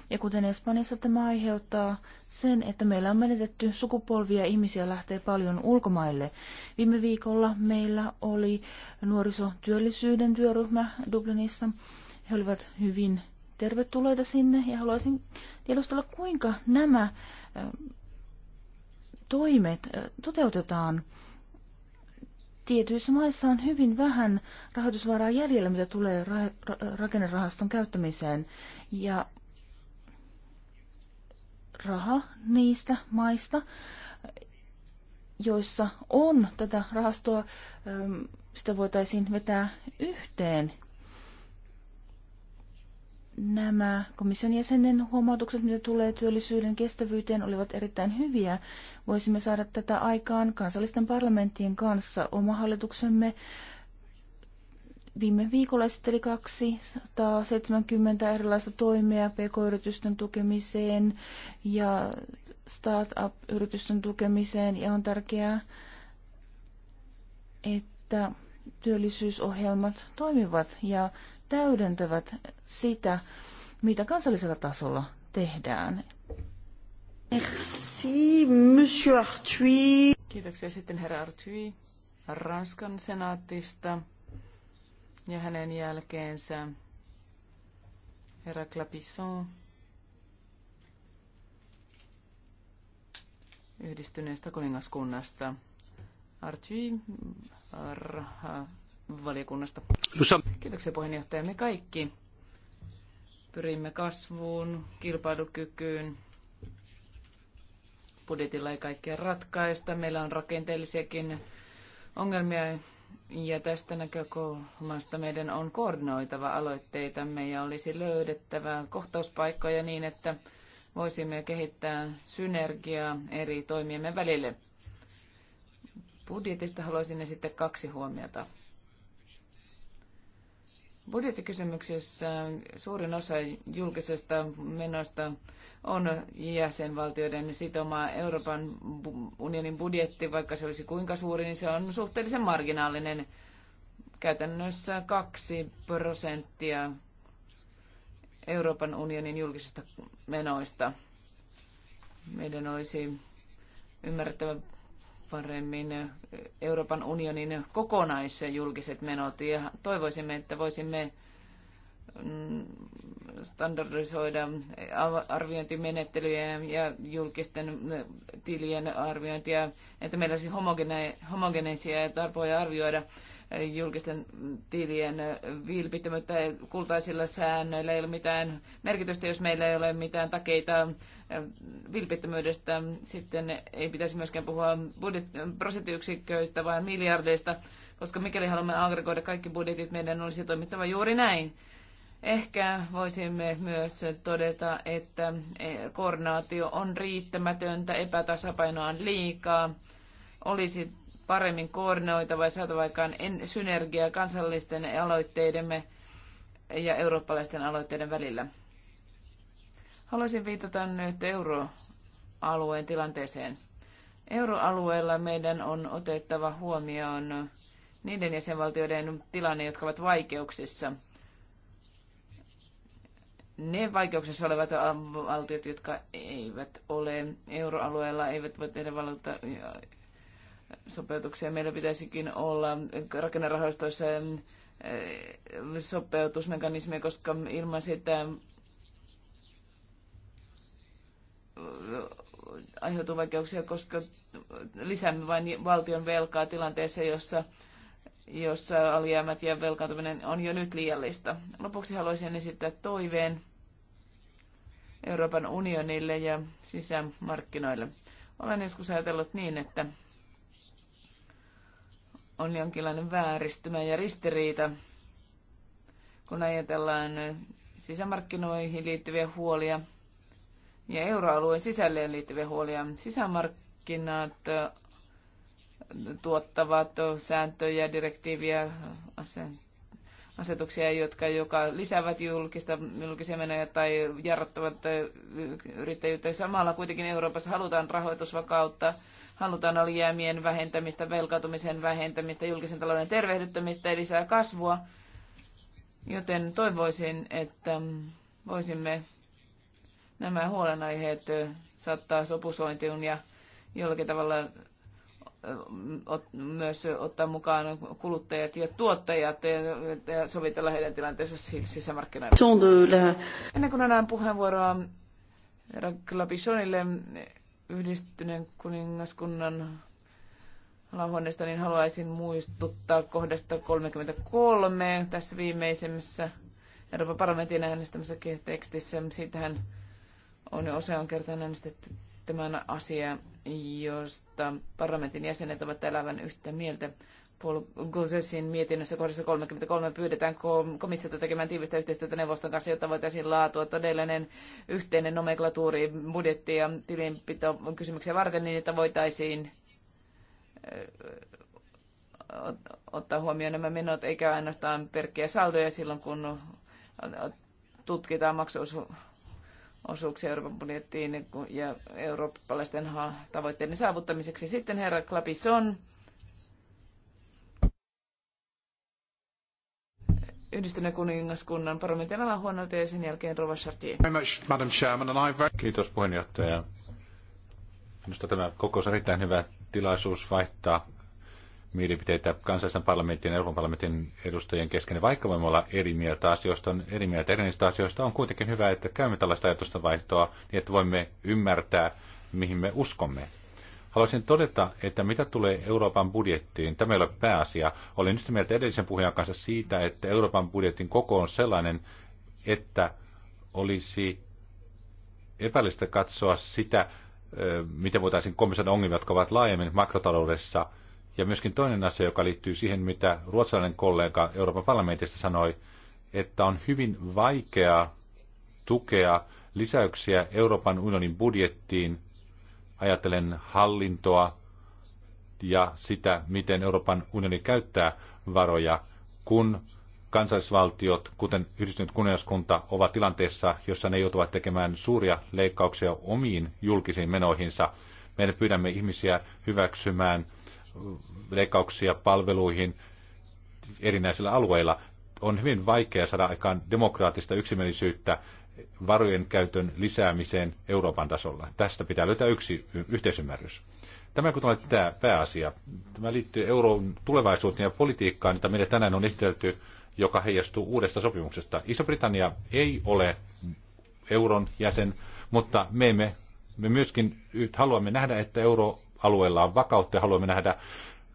B: Ja kuten Espanjassa tämä aiheuttaa sen, että meillä on menetetty sukupolvia, ihmisiä lähtee paljon ulkomaille. Viime viikolla meillä oli nuorisotyöllisyyden työryhmä Dublinissa. He olivat hyvin tervetulleita sinne ja haluaisin tiedostella, kuinka nämä toimet toteutetaan. Tietyissä maissa on hyvin vähän rahoitusvaraa jäljellä, mitä tulee ra- ra- rakennerahaston käyttämiseen. Ja raha niistä maista, joissa on tätä rahastoa, sitä voitaisiin vetää yhteen nämä komission jäsenen huomautukset, mitä tulee työllisyyden kestävyyteen, olivat erittäin hyviä. Voisimme saada tätä aikaan kansallisten parlamenttien kanssa. Oma hallituksemme viime viikolla esitteli 270 erilaista toimia pk-yritysten tukemiseen ja start-up yritysten tukemiseen. Ja on tärkeää, että työllisyysohjelmat toimivat ja täydentävät sitä, mitä kansallisella tasolla tehdään.
C: Merci,
B: Monsieur Artui.
A: Kiitoksia sitten herra Artui Ranskan senaatista ja hänen jälkeensä herra Clapisson yhdistyneestä kuningaskunnasta. Artui valiokunnasta. Kiitoksia puheenjohtaja. Me kaikki pyrimme kasvuun, kilpailukykyyn. Budjetilla ei kaikkea ratkaista. Meillä on rakenteellisiakin ongelmia ja tästä näkökulmasta meidän on koordinoitava aloitteitamme ja olisi löydettävä kohtauspaikkoja niin, että voisimme kehittää synergiaa eri toimiemme välille. Budjetista haluaisin esittää kaksi huomiota. Budjettikysymyksissä suurin osa julkisesta menosta on jäsenvaltioiden sitoma Euroopan unionin budjetti, vaikka se olisi kuinka suuri, niin se on suhteellisen marginaalinen. Käytännössä kaksi prosenttia Euroopan unionin julkisista menoista. Meidän olisi ymmärrettävä paremmin Euroopan unionin kokonaisjulkiset menot ja toivoisimme, että voisimme mm, standardisoida arviointimenettelyjä ja julkisten mm, tilien arviointia, että meillä olisi homogeneisia tarpoja arvioida julkisten tilien vilpittömyyttä kultaisilla säännöillä ei ole mitään merkitystä, jos meillä ei ole mitään takeita vilpittömyydestä. Sitten ei pitäisi myöskään puhua budjet- prosenttiyksiköistä, vaan miljardeista, koska mikäli haluamme aggregoida kaikki budjetit, meidän olisi toimittava juuri näin. Ehkä voisimme myös todeta, että e, koordinaatio on riittämätöntä, epätasapainoa on liikaa. Olisi paremmin koordinoita vai saatava aikaan synergiaa kansallisten aloitteidemme ja eurooppalaisten aloitteiden välillä. Haluaisin viitata nyt euroalueen tilanteeseen. Euroalueella meidän on otettava huomioon niiden jäsenvaltioiden tilanne, jotka ovat vaikeuksissa. Ne vaikeuksissa olevat valtiot, jotka eivät ole euroalueella, eivät voi tehdä valuutta sopeutuksia. Meillä pitäisikin olla rakennerahoistoissa eh, sopeutusmekanismia, koska ilman sitä aiheutuu vaikeuksia, koska lisäämme vain valtion velkaa tilanteessa, jossa, jossa alijäämät ja velkaantuminen on jo nyt liiallista. Lopuksi haluaisin esittää toiveen Euroopan unionille ja sisämarkkinoille. Olen joskus ajatellut niin, että on jonkinlainen vääristymä ja ristiriita, kun ajatellaan sisämarkkinoihin liittyviä huolia – ja euroalueen sisälleen liittyviä huolia. Sisämarkkinat tuottavat sääntöjä, direktiiviä, asetuksia, jotka joka lisäävät julkista, julkisia menoja tai jarruttavat yrittäjyyttä. Samalla kuitenkin Euroopassa halutaan rahoitusvakautta, halutaan alijäämien vähentämistä, velkautumisen vähentämistä, julkisen talouden tervehdyttämistä ja lisää kasvua. Joten toivoisin, että voisimme nämä huolenaiheet saattaa sopusointiun ja jollakin tavalla myös ottaa mukaan kuluttajat ja tuottajat ja sovitella heidän tilanteensa sisämarkkinoilla. Ennen kuin annan puheenvuoroa herra Klapisonille yhdistyneen kuningaskunnan alahuoneesta, niin haluaisin muistuttaa kohdasta 33 tässä viimeisimmässä Euroopan parlamentin äänestämässä tekstissä. Siitähän on usean kertaan äänestetty tämän asian, josta parlamentin jäsenet ovat elävän yhtä mieltä. Paul Gosesin mietinnössä kohdassa 33 pyydetään komissiota tekemään tiivistä yhteistyötä neuvoston kanssa, jotta voitaisiin laatua todellinen yhteinen nomenklatuuri budjetti- ja tilinpito kysymyksiä varten niin, että voitaisiin ottaa huomioon nämä menot, eikä ainoastaan perkkiä saldoja silloin, kun tutkitaan maksuosuuksia osuuksia Euroopan budjettiin ja eurooppalaisten tavoitteiden saavuttamiseksi. Sitten herra Klapison. Yhdistyneen kuningaskunnan parlamentin huonolta ja sen jälkeen Rova Chartier.
C: Kiitos puheenjohtaja. Minusta tämä kokous on erittäin hyvä tilaisuus vaihtaa mielipiteitä kansallisen parlamentin ja Euroopan parlamentin edustajien kesken. Vaikka voimme olla eri mieltä asioista, on eri mieltä eri asioista, on kuitenkin hyvä, että käymme tällaista ajatusta vaihtoa niin, että voimme ymmärtää, mihin me uskomme. Haluaisin todeta, että mitä tulee Euroopan budjettiin, tämä ei ole pääasia. Olin yhtä mieltä edellisen puhujan kanssa siitä, että Euroopan budjetin koko on sellainen, että olisi epäilistä katsoa sitä, miten voitaisiin kompensoida ongelmia, jotka ovat laajemmin makrotaloudessa – ja myöskin toinen asia, joka liittyy siihen, mitä ruotsalainen kollega Euroopan parlamentista sanoi, että on hyvin vaikea tukea lisäyksiä Euroopan unionin budjettiin, ajatellen hallintoa ja sitä, miten Euroopan unioni käyttää varoja, kun kansallisvaltiot, kuten yhdistynyt kuningaskunta, ovat tilanteessa, jossa ne joutuvat tekemään suuria leikkauksia omiin julkisiin menoihinsa. Meidän pyydämme ihmisiä hyväksymään – leikkauksia palveluihin erinäisillä alueilla, on hyvin vaikea saada aikaan demokraattista yksimielisyyttä varojen käytön lisäämiseen Euroopan tasolla. Tästä pitää löytää yksi yhteisymmärrys. Tämä kun tämä pääasia. Tämä liittyy euron tulevaisuuteen ja politiikkaan, jota meille tänään on esitelty, joka heijastuu uudesta sopimuksesta. Iso-Britannia ei ole euron jäsen, mutta me emme me myöskin haluamme nähdä, että euro alueella on vakautta ja haluamme nähdä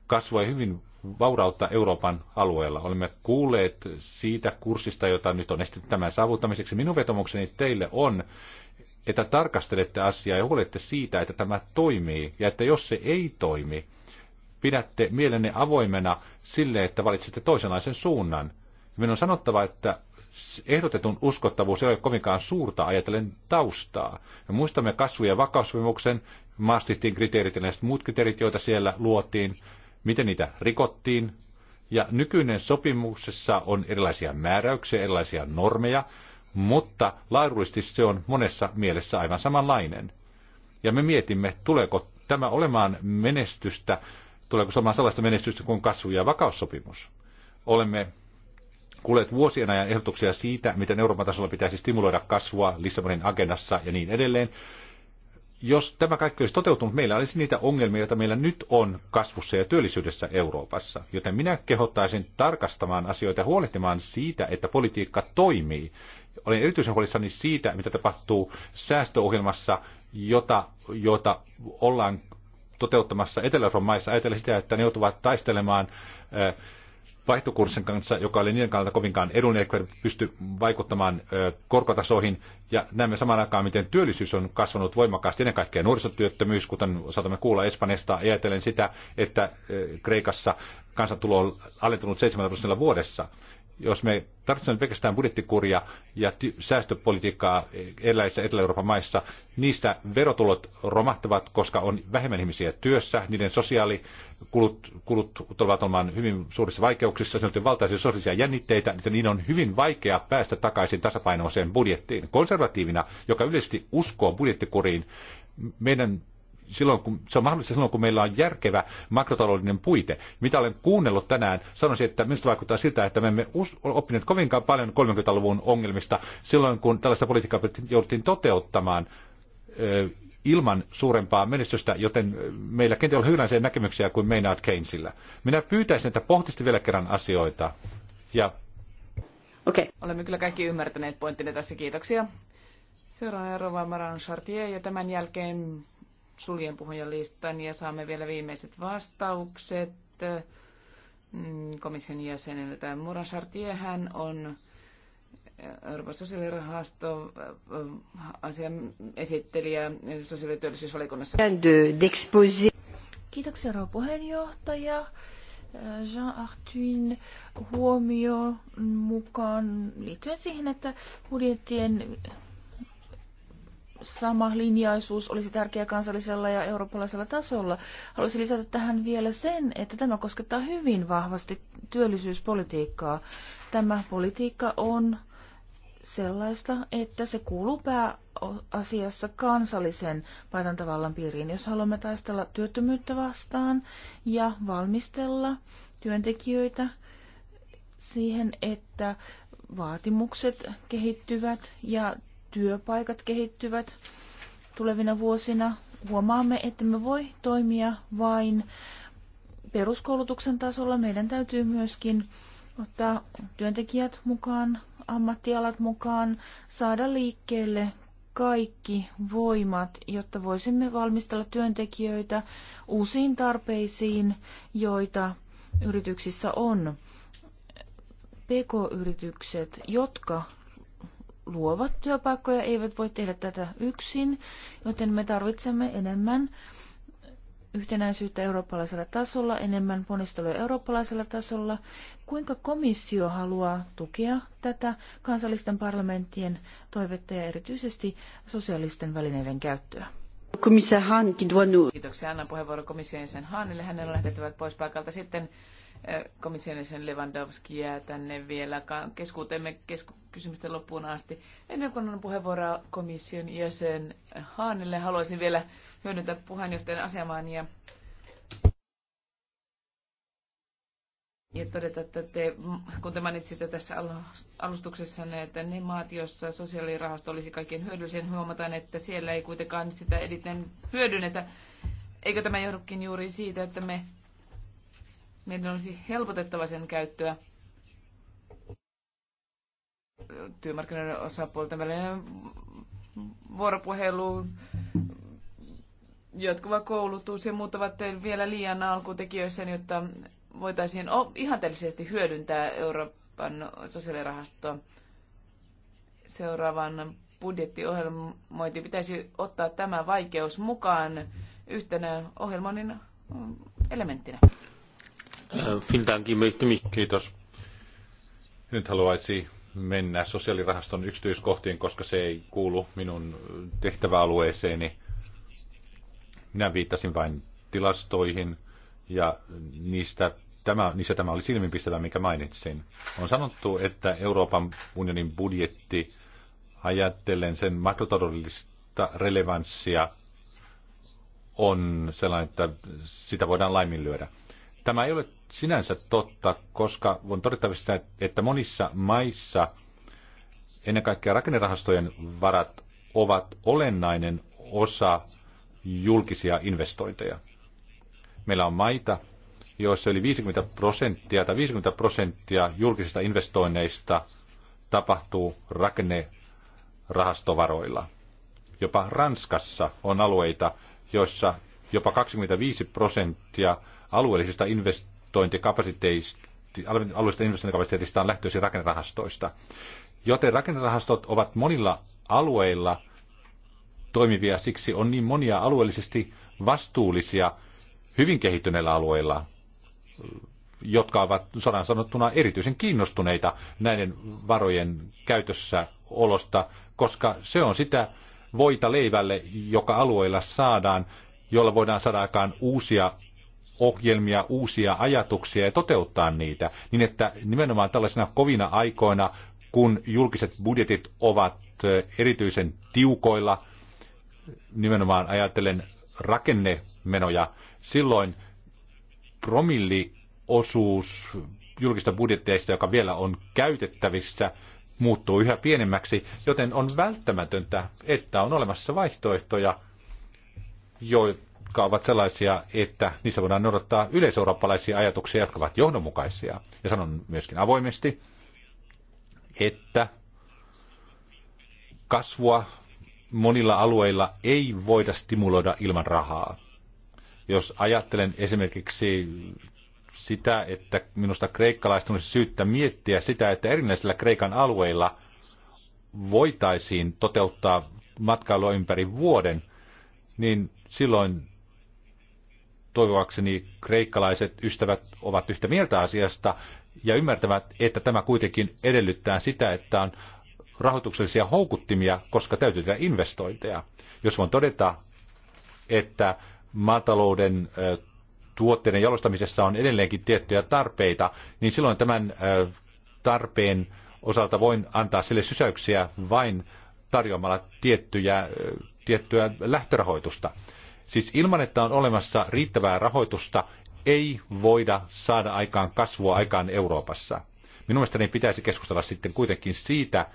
C: kasvua ja hyvin vaurautta Euroopan alueella. Olemme kuulleet siitä kurssista, jota nyt on estetty tämän saavuttamiseksi. Minun vetomukseni teille on, että tarkastelette asiaa ja huolette siitä, että tämä toimii ja että jos se ei toimi, pidätte mielenne avoimena sille, että valitsette toisenlaisen suunnan. Minun on sanottava, että ehdotetun uskottavuus ei ole kovinkaan suurta ajatellen taustaa. Me muistamme kasvu- ja vakaussopimuksen, Maastrichtin kriteerit ja näistä muut kriteerit, joita siellä luotiin, miten niitä rikottiin. Ja nykyinen sopimuksessa on erilaisia määräyksiä, erilaisia normeja, mutta laadullisesti se on monessa mielessä aivan samanlainen. Ja me mietimme, tuleeko tämä olemaan menestystä, tuleeko se olemaan sellaista menestystä kuin kasvu- ja vakaussopimus. Olemme kuulleet vuosien ajan ehdotuksia siitä, miten Euroopan tasolla pitäisi stimuloida kasvua Lissabonin agendassa ja niin edelleen jos tämä kaikki olisi toteutunut, meillä olisi niitä ongelmia, joita meillä nyt on kasvussa ja työllisyydessä Euroopassa. Joten minä kehottaisin tarkastamaan asioita ja huolehtimaan siitä, että politiikka toimii. Olen erityisen huolissani siitä, mitä tapahtuu säästöohjelmassa, jota, jota ollaan toteuttamassa Etelä-Euroopan maissa. Ajatellen sitä, että ne joutuvat taistelemaan äh, vaihtokurssin kanssa, joka oli niiden kannalta kovinkaan edullinen, eikä pysty vaikuttamaan korkotasoihin. Ja näemme samaan aikaan, miten työllisyys on kasvanut voimakkaasti, ennen kaikkea nuorisotyöttömyys, kuten saatamme kuulla Espanjasta, ajatellen sitä, että Kreikassa kansantulo on alentunut 7 prosentilla vuodessa jos me tarvitsemme pelkästään budjettikuria ja säästöpolitiikkaa erilaisissa Etelä-Euroopan maissa, niistä verotulot romahtavat, koska on vähemmän ihmisiä työssä, niiden sosiaalikulut kulut tulevat olemaan hyvin suurissa vaikeuksissa, se on valtaisia sosiaalisia jännitteitä, että niin on hyvin vaikea päästä takaisin tasapainoiseen budjettiin. Konservatiivina, joka yleisesti uskoo budjettikuriin, meidän silloin, kun, se on mahdollista silloin, kun meillä on järkevä makrotaloudellinen puite. Mitä olen kuunnellut tänään, sanoisin, että minusta vaikuttaa siltä, että me emme oppineet kovinkaan paljon 30-luvun ongelmista silloin, kun tällaista politiikkaa jouduttiin toteuttamaan ilman suurempaa menestystä, joten meillä kenties on hyvänsä näkemyksiä kuin Maynard Keynesillä. Minä pyytäisin, että pohtisitte vielä kerran asioita. Ja...
A: Okei. Okay. Olemme kyllä kaikki ymmärtäneet pointtina tässä. Kiitoksia. Seuraava Rova Maran Chartier ja tämän jälkeen suljen puhujalistan ja saamme vielä viimeiset vastaukset mm, komission jäseneltä. Muran hän on eh, Euroopan sosiaalirahasto eh, asian esittelijä sosiaali- ja työllisyysvalikunnassa.
B: Kiitoksia rouva puheenjohtaja. Eh, Jean Artuin huomio mukaan liittyen siihen, että budjettien sama linjaisuus olisi tärkeä kansallisella ja eurooppalaisella tasolla. Haluaisin lisätä tähän vielä sen, että tämä koskettaa hyvin vahvasti työllisyyspolitiikkaa. Tämä politiikka on sellaista, että se kuuluu pääasiassa kansallisen paitantavallan piiriin. Jos haluamme taistella työttömyyttä vastaan ja valmistella työntekijöitä siihen, että vaatimukset kehittyvät ja työpaikat kehittyvät tulevina vuosina, huomaamme, että me voi toimia vain peruskoulutuksen tasolla. Meidän täytyy myöskin ottaa työntekijät mukaan, ammattialat mukaan, saada liikkeelle kaikki voimat, jotta voisimme valmistella työntekijöitä uusiin tarpeisiin, joita yrityksissä on. PK-yritykset, jotka luovat työpaikkoja eivät voi tehdä tätä yksin, joten me tarvitsemme enemmän yhtenäisyyttä eurooppalaisella tasolla, enemmän ponnisteluja eurooppalaisella tasolla. Kuinka komissio haluaa tukea tätä kansallisten parlamenttien toivetta ja erityisesti sosiaalisten välineiden käyttöä?
A: Kiitoksia. Annan puheenvuoron komission jäsen Haanille. Hänellä on lähdettävä pois paikalta. Sitten komission jäsen Lewandowski jää tänne vielä keskuutemme kesku- kysymysten loppuun asti. Ennen kuin on puheenvuoroa komission jäsen Haanille, haluaisin vielä hyödyntää puheenjohtajan asemaan ja ja todeta, että te, kun te mainitsitte tässä alustuksessa, että ne maat, joissa sosiaalirahasto olisi kaikkein hyödyllisen, huomataan, että siellä ei kuitenkaan sitä editen hyödynnetä. Eikö tämä johdukin juuri siitä, että me meidän olisi helpotettava sen käyttöä työmarkkinoiden osapuolten välinen vuoropuhelu, jatkuva koulutus ja muut ovat vielä liian alkutekijöissä, jotta voitaisiin ihanteellisesti hyödyntää Euroopan sosiaalirahastoa seuraavan budjettiohjelmointi pitäisi ottaa tämä vaikeus mukaan yhtenä ohjelmoinnin elementtinä.
C: Kiitos. Nyt haluaisi mennä sosiaalirahaston yksityiskohtiin, koska se ei kuulu minun tehtäväalueeseeni. Minä viittasin vain tilastoihin ja niistä tämä, niissä tämä oli silminpistävä, mikä mainitsin. On sanottu, että Euroopan unionin budjetti ajattelen sen makrotaloudellista relevanssia on sellainen, että sitä voidaan laiminlyödä. Tämä ei ole sinänsä totta, koska on todettavissa, että monissa maissa ennen kaikkea rakennerahastojen varat ovat olennainen osa julkisia investointeja. Meillä on maita, joissa yli 50 prosenttia tai 50 prosenttia julkisista investoinneista tapahtuu rakennerahastovaroilla. Jopa Ranskassa on alueita, joissa jopa 25 prosenttia alueellisista investoinneista investointikapasiteista, alueellisesta investointikapasiteetista on lähtöisin rakennerahastoista. Joten rakennerahastot ovat monilla alueilla toimivia, siksi on niin monia alueellisesti vastuullisia hyvin kehittyneillä alueilla, jotka ovat sodan sanottuna erityisen kiinnostuneita näiden varojen käytössä olosta, koska se on sitä voita leivälle, joka alueilla saadaan, jolla voidaan saada aikaan uusia ohjelmia, uusia ajatuksia ja toteuttaa niitä, niin että nimenomaan tällaisena kovina aikoina, kun julkiset budjetit ovat erityisen tiukoilla, nimenomaan ajatellen rakennemenoja, silloin promilliosuus julkista budjetteista, joka vielä on käytettävissä, muuttuu yhä pienemmäksi, joten on välttämätöntä, että on olemassa vaihtoehtoja, joita jotka ovat sellaisia, että niissä voidaan noudattaa yleiseurooppalaisia ajatuksia, jotka ovat johdonmukaisia. Ja sanon myöskin avoimesti, että kasvua monilla alueilla ei voida stimuloida ilman rahaa. Jos ajattelen esimerkiksi sitä, että minusta kreikkalaiset olisi syyttä miettiä sitä, että erinäisillä Kreikan alueilla voitaisiin toteuttaa matkailua ympäri vuoden, niin silloin toivoakseni kreikkalaiset ystävät ovat yhtä mieltä asiasta ja ymmärtävät, että tämä kuitenkin edellyttää sitä, että on rahoituksellisia houkuttimia, koska täytyy tehdä investointeja. Jos voin todeta, että maatalouden tuotteiden jalostamisessa on edelleenkin tiettyjä tarpeita, niin silloin tämän tarpeen osalta voin antaa sille sysäyksiä vain tarjoamalla tiettyjä, tiettyä lähtörahoitusta. Siis ilman, että on olemassa riittävää rahoitusta, ei voida saada aikaan kasvua aikaan Euroopassa. Minun mielestäni pitäisi keskustella sitten kuitenkin siitä,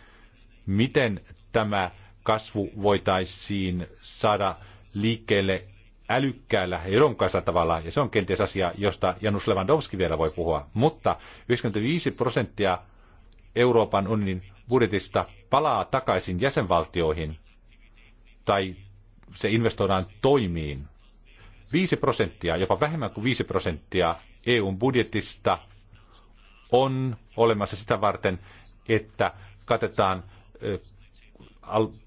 C: miten tämä kasvu voitaisiin saada liikkeelle älykkäällä ja johdonmukaisella tavalla, ja se on kenties asia, josta Janus Lewandowski vielä voi puhua, mutta 95 prosenttia Euroopan unionin budjetista palaa takaisin jäsenvaltioihin tai se investoidaan toimiin. 5 prosenttia, jopa vähemmän kuin 5 prosenttia EUn budjetista on olemassa sitä varten, että katetaan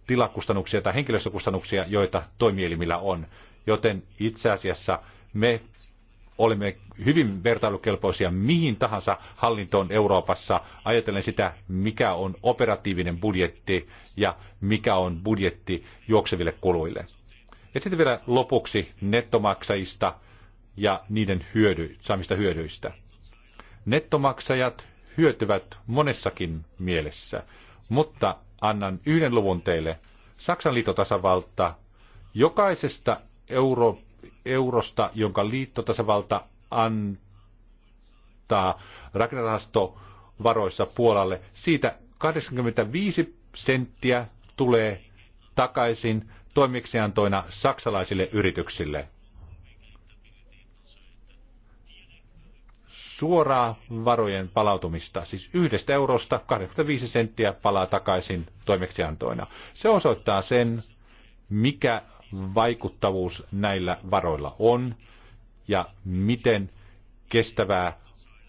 C: tilakustannuksia tai henkilöstökustannuksia, joita toimielimillä on. Joten itse asiassa me olemme hyvin vertailukelpoisia mihin tahansa hallintoon Euroopassa, ajatellen sitä, mikä on operatiivinen budjetti ja mikä on budjetti juokseville kuluille. Ja sitten vielä lopuksi nettomaksajista ja niiden hyödy, saamista hyödyistä. Nettomaksajat hyötyvät monessakin mielessä, mutta annan yhden luvun teille. Saksan liittotasavalta jokaisesta euro, eurosta, jonka liittotasavalta antaa varoissa Puolalle, siitä 85 senttiä tulee takaisin toimeksiantoina saksalaisille yrityksille. Suoraa varojen palautumista, siis yhdestä eurosta 25 senttiä palaa takaisin toimeksiantoina. Se osoittaa sen, mikä vaikuttavuus näillä varoilla on ja miten kestävää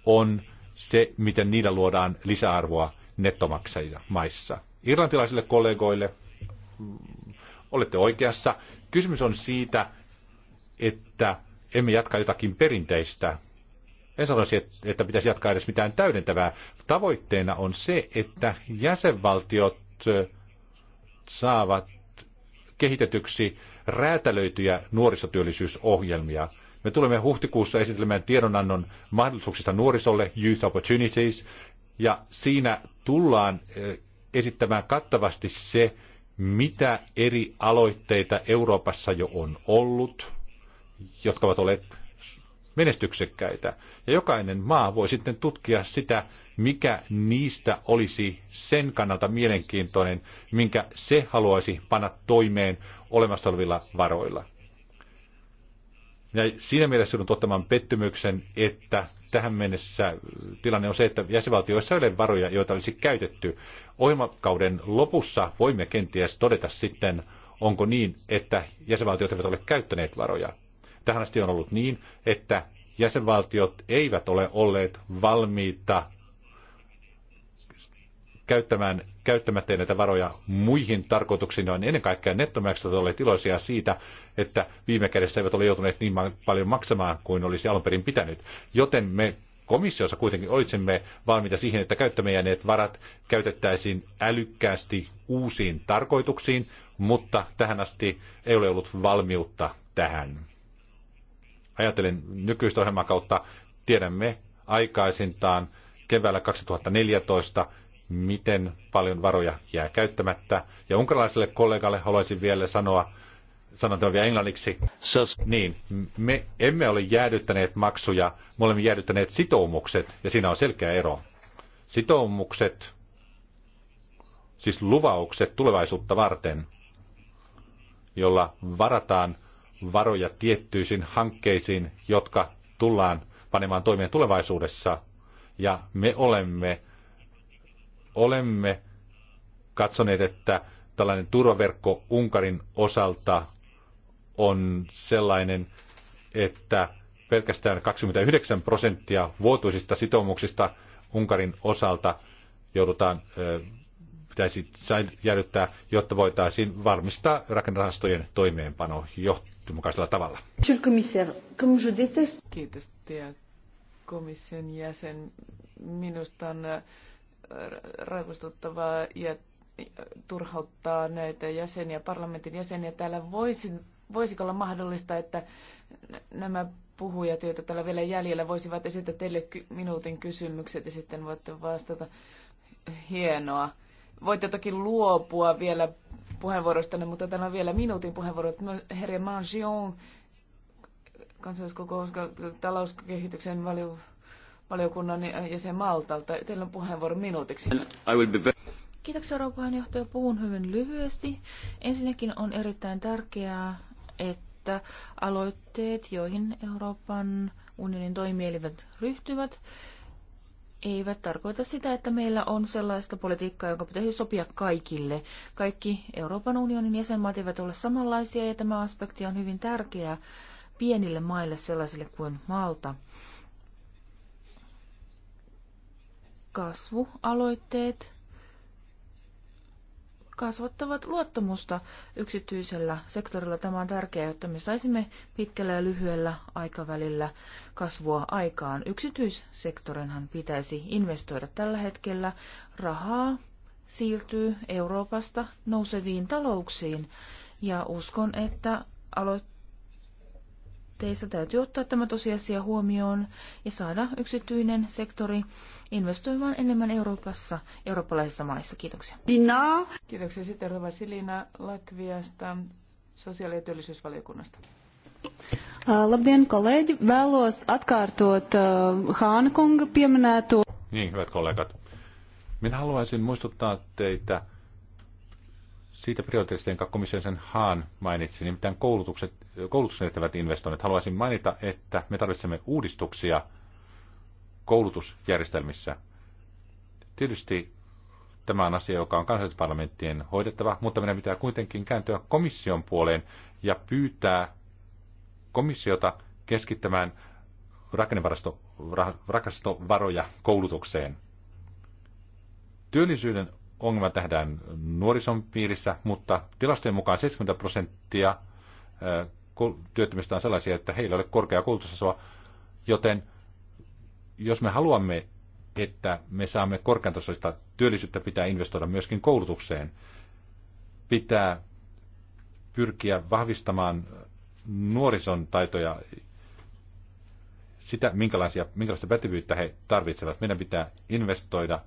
C: on se, miten niillä luodaan lisäarvoa nettomaksajia maissa. Irlantilaisille kollegoille olette oikeassa. Kysymys on siitä, että emme jatka jotakin perinteistä. En sanoisi, että pitäisi jatkaa edes mitään täydentävää. Tavoitteena on se, että jäsenvaltiot saavat kehitetyksi räätälöityjä nuorisotyöllisyysohjelmia. Me tulemme huhtikuussa esittelemään tiedonannon mahdollisuuksista nuorisolle, Youth Opportunities, ja siinä tullaan esittämään kattavasti se, mitä eri aloitteita Euroopassa jo on ollut, jotka ovat olleet menestyksekkäitä. Ja jokainen maa voi sitten tutkia sitä, mikä niistä olisi sen kannalta mielenkiintoinen, minkä se haluaisi panna toimeen olemassa olevilla varoilla. Minä siinä mielessä joudun tuottamaan pettymyksen, että tähän mennessä tilanne on se, että jäsenvaltioissa ei ole varoja, joita olisi käytetty. Ohjelmakauden lopussa voimme kenties todeta sitten, onko niin, että jäsenvaltiot eivät ole käyttäneet varoja. Tähän asti on ollut niin, että jäsenvaltiot eivät ole olleet valmiita käyttämään, käyttämättä näitä varoja muihin tarkoituksiin, on ennen kaikkea nettomaksajat olleet iloisia siitä, että viime kädessä eivät ole joutuneet niin paljon maksamaan kuin olisi alun perin pitänyt. Joten me komissiossa kuitenkin olisimme valmiita siihen, että käyttämäjäneet varat käytettäisiin älykkäästi uusiin tarkoituksiin, mutta tähän asti ei ole ollut valmiutta tähän. Ajattelen nykyistä kautta tiedämme aikaisintaan keväällä 2014 miten paljon varoja jää käyttämättä. Ja unkarilaiselle kollegalle haluaisin vielä sanoa, sanon tämän vielä englanniksi, niin me emme ole jäädyttäneet maksuja, me olemme jäädyttäneet sitoumukset, ja siinä on selkeä ero. Sitoumukset, siis luvaukset tulevaisuutta varten, jolla varataan varoja tiettyisiin hankkeisiin, jotka tullaan panemaan toimeen tulevaisuudessa. Ja me olemme olemme katsoneet, että tällainen turvaverkko Unkarin osalta on sellainen, että pelkästään 29 prosenttia vuotuisista sitoumuksista Unkarin osalta joudutaan pitäisi jäädyttää, jotta voitaisiin varmistaa rakennerahastojen toimeenpano johtumukaisella tavalla.
A: Kiitos, komission jäsen. Minusta on raivostuttavaa ja turhauttaa näitä jäseniä, parlamentin jäseniä. Täällä voisi, voisiko olla mahdollista, että nämä puhujat, joita täällä vielä jäljellä, voisivat esittää teille ky- minuutin kysymykset ja sitten voitte vastata. Hienoa. Voitte toki luopua vielä puheenvuorostanne, mutta täällä on vielä minuutin puheenvuoro. No, herra Mangion, kansalliskokous, talouskehityksen valiokunta valiokunnan jäsen Maltalta. Teillä on puheenvuoro minuutiksi.
B: Kiitoksia, Euroopan puheenjohtaja. Puhun hyvin lyhyesti. Ensinnäkin on erittäin tärkeää, että aloitteet, joihin Euroopan unionin toimielivät ryhtyvät, eivät tarkoita sitä, että meillä on sellaista politiikkaa, joka pitäisi sopia kaikille. Kaikki Euroopan unionin jäsenmaat eivät ole samanlaisia ja tämä aspekti on hyvin tärkeä pienille maille sellaisille kuin Malta. kasvualoitteet kasvattavat luottamusta yksityisellä sektorilla. Tämä on tärkeää, jotta me saisimme pitkällä ja lyhyellä aikavälillä kasvua aikaan. Yksityissektorinhan pitäisi investoida tällä hetkellä. Rahaa siirtyy Euroopasta nouseviin talouksiin ja uskon, että aloitteet teissä täytyy ottaa tämä tosiasia huomioon ja saada yksityinen sektori investoimaan enemmän Euroopassa, eurooppalaisissa maissa. Kiitoksia. Dina. Kiitoksia sitten Rova Silina Latviasta,
A: sosiaali- ja työllisyysvaliokunnasta.
B: Labdien, kollegi. Vēlos atkārtot Haana kunga pieminēto.
C: Niin, hyvät kollegat. Minä haluaisin muistuttaa teitä siitä prioriteetista, jonka komission sen Haan mainitsi, nimittäin koulutukset koulutuksen tehtävät investoinnit, haluaisin mainita, että me tarvitsemme uudistuksia koulutusjärjestelmissä. Tietysti tämä on asia, joka on kansallisparlamenttien hoidettava, mutta meidän pitää kuitenkin kääntyä komission puoleen ja pyytää komissiota keskittämään rakennevarastovaroja koulutukseen. Työllisyyden ongelma tähdään nuorison piirissä, mutta tilastojen mukaan 70 prosenttia työttömistä on sellaisia, että heillä ei ole korkea koulutustasoa, joten jos me haluamme, että me saamme korkeantasoista työllisyyttä, pitää investoida myöskin koulutukseen. Pitää pyrkiä vahvistamaan nuorison taitoja, sitä, minkälaisia, minkälaista pätevyyttä he tarvitsevat. Meidän pitää investoida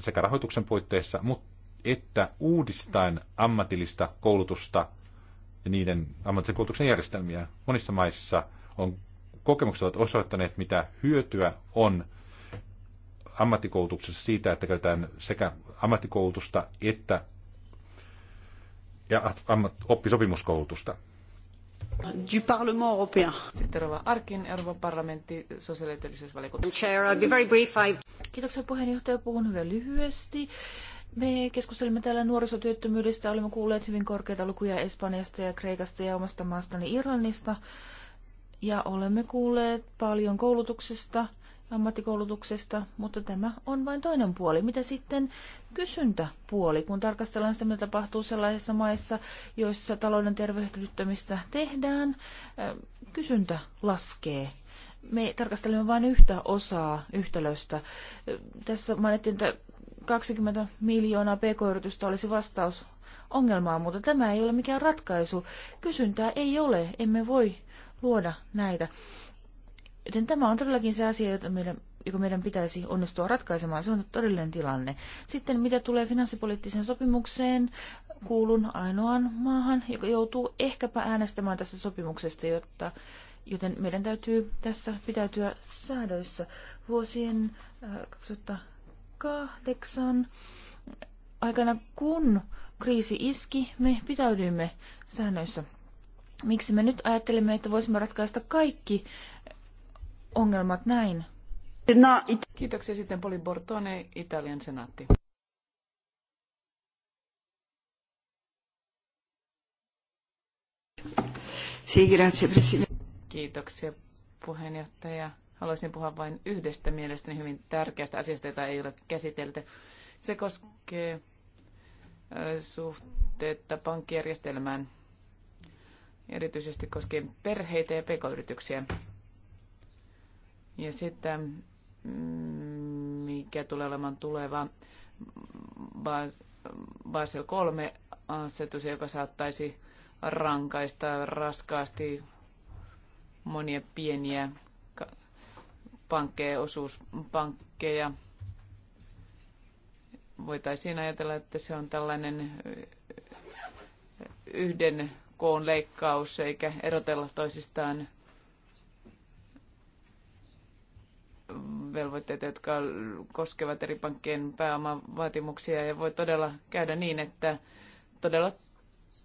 C: sekä rahoituksen puitteissa, mutta että uudistaen ammatillista koulutusta ja niiden ammatillisen koulutuksen järjestelmiä. Monissa maissa on kokemukset ovat osoittaneet, mitä hyötyä on ammattikoulutuksessa siitä, että käytetään sekä ammattikoulutusta että ja ammat, oppisopimuskoulutusta.
A: Du Parlement européen. Sitten Rova Arkin, Euroopan parlamentti, sosiaali- ja Chair, I'll be very brief.
B: Kiitoksia puheenjohtaja. Puhun hyvin lyhyesti. Me keskustelimme täällä nuorisotyöttömyydestä, olimme kuulleet hyvin korkeita lukuja Espanjasta ja Kreikasta ja omasta maastani Irlannista. Ja olemme kuulleet paljon koulutuksesta, ammattikoulutuksesta, mutta tämä on vain toinen puoli. Mitä sitten kysyntäpuoli, kun tarkastellaan sitä, mitä tapahtuu sellaisissa maissa, joissa talouden tervehdyttämistä tehdään, kysyntä laskee. Me tarkastelemme vain yhtä osaa yhtälöstä. Tässä mainittiin, että 20 miljoonaa pk-yritystä olisi vastaus ongelmaan, mutta tämä ei ole mikään ratkaisu. Kysyntää ei ole, emme voi luoda näitä. Joten tämä on todellakin se asia, jota meidän, joka meidän pitäisi onnistua ratkaisemaan. Se on todellinen tilanne. Sitten mitä tulee finanssipoliittiseen sopimukseen, kuulun ainoaan maahan, joka joutuu ehkäpä äänestämään tästä sopimuksesta, jotta, joten meidän täytyy tässä pitäytyä säädöissä. Vuosien äh, 2000 2008 aikana, kun kriisi iski, me pitäydyimme säännöissä. Miksi me nyt ajattelemme, että voisimme ratkaista kaikki ongelmat näin? No, Kiitoksia sitten Poli Bortone, Italian
A: senaatti. Kiitoksia puheenjohtaja. Haluaisin puhua vain yhdestä mielestäni hyvin tärkeästä asiasta, jota ei ole käsitelty. Se koskee suhteetta pankkijärjestelmään, erityisesti koskien perheitä ja pk-yrityksiä. Ja sitä, mikä tulee olemaan tuleva Basel 3 asetus, joka saattaisi rankaista raskaasti monia pieniä pankkeja, osuuspankkeja. Voitaisiin ajatella, että se on tällainen yhden koon leikkaus, eikä erotella toisistaan velvoitteita, jotka koskevat eri pankkien pääomavaatimuksia. Ja voi todella käydä niin, että todella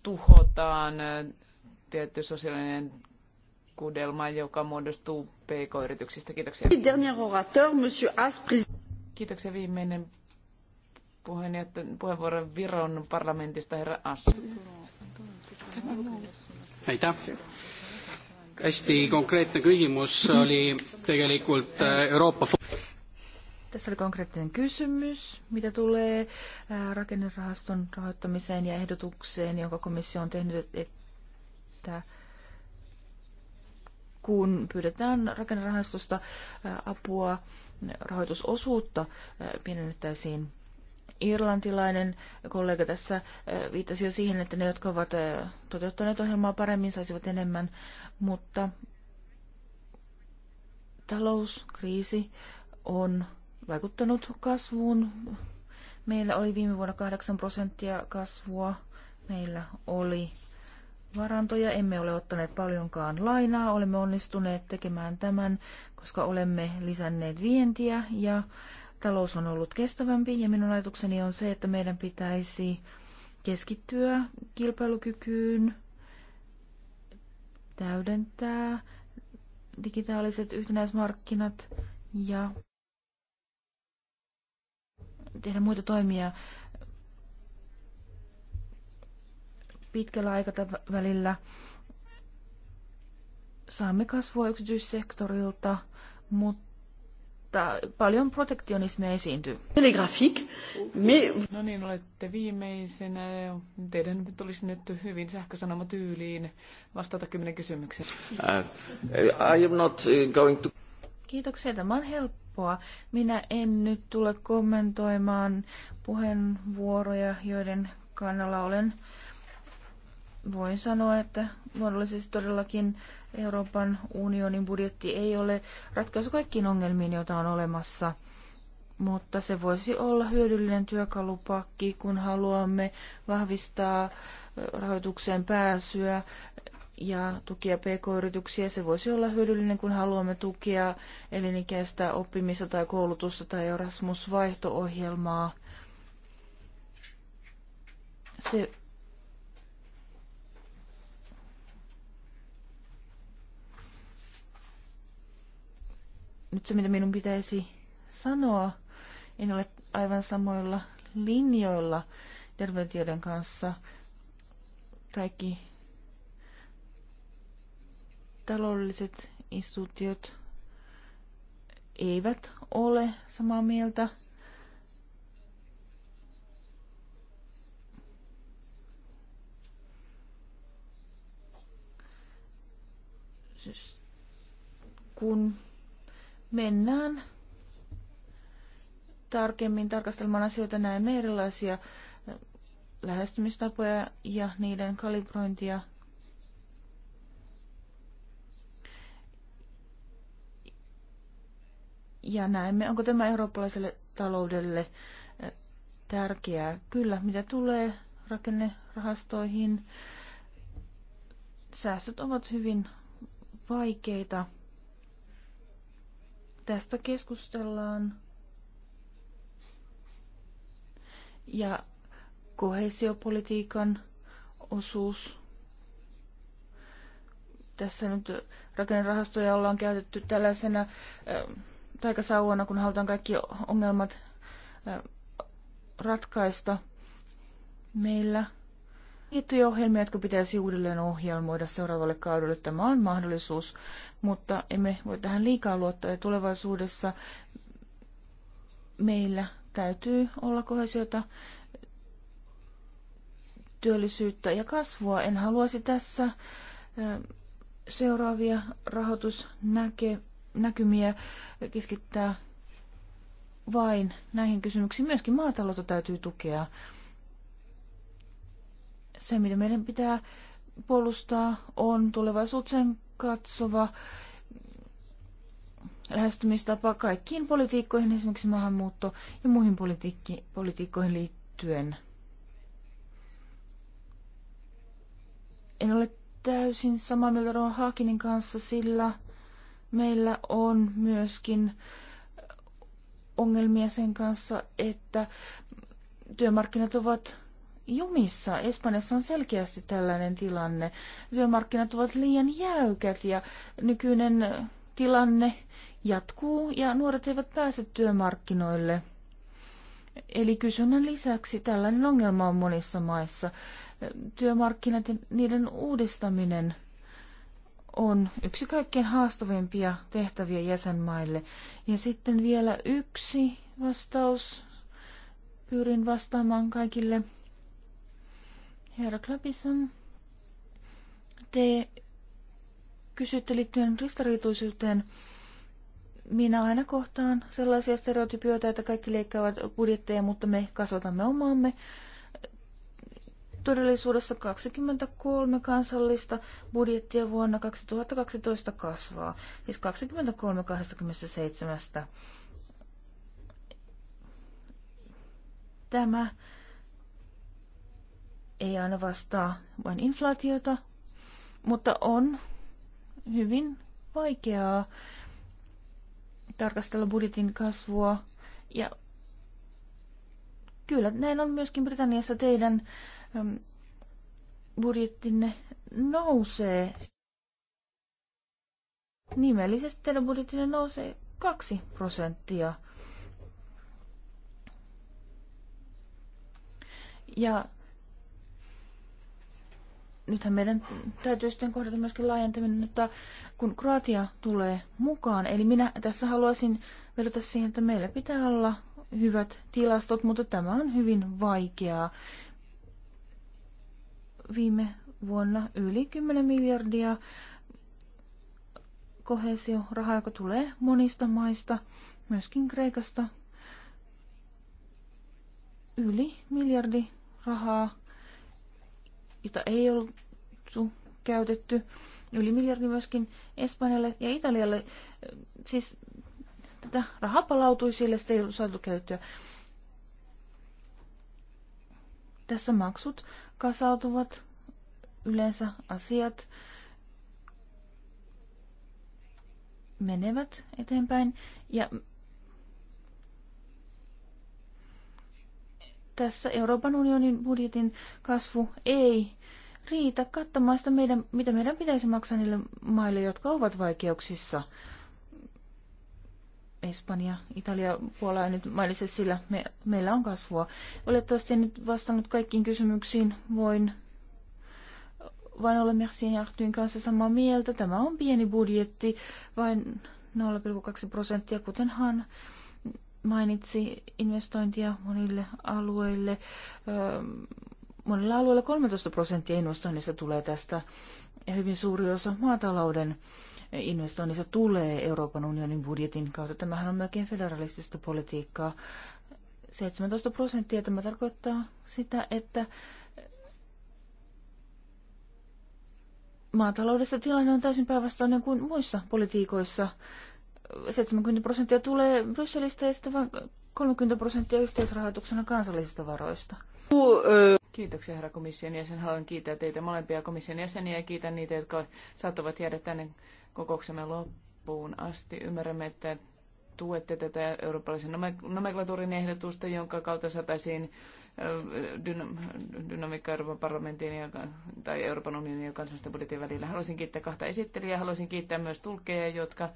A: tuhotaan tietty sosiaalinen vakuudelma, joka muodostuu PK-yrityksistä. Kiitoksia. Kiitoksia viimeinen puheenvuoro Viron parlamentista, herra As.
B: Aitäh. Hästi konkreetne kysymys oli
C: tegelikult äh, Euroopa...
B: Tässä oli konkreettinen kysymys, mitä tulee äh, rakennerahaston rahoittamiseen ja ehdotukseen, jonka komissio on tehnyt, että kun pyydetään rakennerahastosta apua, rahoitusosuutta pienennettäisiin. Irlantilainen kollega tässä viittasi jo siihen, että ne, jotka ovat toteuttaneet ohjelmaa paremmin, saisivat enemmän, mutta talouskriisi on vaikuttanut kasvuun. Meillä oli viime vuonna 8 prosenttia kasvua. Meillä oli varantoja, emme ole ottaneet paljonkaan lainaa, olemme onnistuneet tekemään tämän, koska olemme lisänneet vientiä ja talous on ollut kestävämpi ja minun ajatukseni on se, että meidän pitäisi keskittyä kilpailukykyyn, täydentää digitaaliset yhtenäismarkkinat ja tehdä muita toimia pitkällä aikavälillä saamme kasvua yksityissektorilta, mutta paljon protektionismia esiintyy. Telegrafik. Me...
A: No niin, olette viimeisenä. Teidän tulisi nyt hyvin
B: sähkösanomatyyliin vastata kymmenen kysymykseen. Uh, I am not uh, going to... Kiitoksia, tämä on helppoa. Minä en nyt tule kommentoimaan puheenvuoroja, joiden kannalla olen voin sanoa, että luonnollisesti todellakin Euroopan unionin budjetti ei ole ratkaisu kaikkiin ongelmiin, joita on olemassa, mutta se voisi olla hyödyllinen työkalupakki, kun haluamme vahvistaa rahoitukseen pääsyä ja tukia pk-yrityksiä. Se voisi olla hyödyllinen, kun haluamme tukea elinikäistä oppimista tai koulutusta tai Erasmus-vaihto-ohjelmaa. Se nyt se, mitä minun pitäisi sanoa, en ole aivan samoilla linjoilla terveydentiedon kanssa. Kaikki taloudelliset instituutiot eivät ole samaa mieltä. Kun mennään tarkemmin tarkastelemaan asioita. Näemme erilaisia lähestymistapoja ja niiden kalibrointia. Ja näemme, onko tämä eurooppalaiselle taloudelle eh, tärkeää. Kyllä, mitä tulee rakennerahastoihin, säästöt ovat hyvin vaikeita. Tästä keskustellaan. Ja kohesiopolitiikan osuus. Tässä nyt rakennerahastoja ollaan käytetty tällaisena taikasauvana, kun halutaan kaikki ongelmat ratkaista meillä – tiettyjä ohjelmia, jotka pitäisi uudelleen ohjelmoida seuraavalle kaudelle. Tämä on mahdollisuus, mutta emme voi tähän liikaa luottaa. Ja tulevaisuudessa meillä täytyy olla kohesiota työllisyyttä ja kasvua. En haluaisi tässä seuraavia rahoitusnäkymiä keskittää vain näihin kysymyksiin. Myöskin maataloutta täytyy tukea. Se, mitä meidän pitää puolustaa, on tulevaisuuteen katsova lähestymistapa kaikkiin politiikkoihin, esimerkiksi maahanmuutto- ja muihin politiikki- politiikkoihin liittyen. En ole täysin samaa mieltä Ron Haakinin kanssa, sillä meillä on myöskin ongelmia sen kanssa, että työmarkkinat ovat jumissa. Espanjassa on selkeästi tällainen tilanne. Työmarkkinat ovat liian jäykät ja nykyinen tilanne jatkuu ja nuoret eivät pääse työmarkkinoille. Eli kysynnän lisäksi tällainen ongelma on monissa maissa. Työmarkkinat ja niiden uudistaminen on yksi kaikkein haastavimpia tehtäviä jäsenmaille. Ja sitten vielä yksi vastaus. Pyrin vastaamaan kaikille Herra Klapison, te kysytte liittyen ristariituisuuteen. Minä aina kohtaan sellaisia stereotypioita, että kaikki leikkaavat budjetteja, mutta me kasvatamme omaamme. Todellisuudessa 23 kansallista budjettia vuonna 2012 kasvaa, siis 23 27. Tämä ei aina vastaa vain inflaatiota, mutta on hyvin vaikeaa tarkastella budjetin kasvua. Ja kyllä näin on myöskin Britanniassa teidän budjettinne nousee. Nimellisesti teidän budjettinne nousee 2 prosenttia. Ja nythän meidän täytyy sitten kohdata myöskin laajentaminen, että kun Kroatia tulee mukaan, eli minä tässä haluaisin vedota siihen, että meillä pitää olla hyvät tilastot, mutta tämä on hyvin vaikeaa. Viime vuonna yli 10 miljardia kohesiorahaa, joka tulee monista maista, myöskin Kreikasta. Yli miljardi rahaa jota ei ollut käytetty. Yli miljardi myöskin Espanjalle ja Italialle. Siis tätä rahaa palautui sille, sitä ei ollut saatu käyttöä. Tässä maksut kasautuvat yleensä asiat menevät eteenpäin ja tässä Euroopan unionin budjetin kasvu ei riitä kattamaan sitä, meidän, mitä meidän pitäisi maksaa niille maille, jotka ovat vaikeuksissa. Espanja, Italia, Puola ja nyt mainitse sillä, me, meillä on kasvua. Olettavasti en nyt vastannut kaikkiin kysymyksiin, voin vain olla Mercien Jahtyn kanssa samaa mieltä. Tämä on pieni budjetti, vain 0,2 prosenttia, kuten hän mainitsi investointia monille alueille. Öö, monilla alueilla 13 prosenttia investoinnista tulee tästä ja hyvin suuri osa maatalouden investoinnista tulee Euroopan unionin budjetin kautta. Tämähän on melkein federalistista politiikkaa. 17 prosenttia tämä tarkoittaa sitä, että maataloudessa tilanne on täysin päinvastainen kuin muissa politiikoissa. 70 prosenttia tulee Brysselistä ja sitten vain 30 prosenttia yhteisrahoituksena kansallisista varoista.
A: Kiitoksia herra komission jäsen. Haluan kiittää teitä molempia komission jäseniä ja kiitän niitä, jotka saattavat jäädä tänne kokouksemme loppuun asti. Ymmärrämme, että tuette tätä eurooppalaisen nomenklatuurin ehdotusta, jonka kautta saataisiin dynamiikka Euroopan parlamentin ja, tai Euroopan unionin ja kansallisten budjetin välillä. Haluaisin kiittää kahta esittelijää, haluaisin kiittää myös tulkkeja, jotka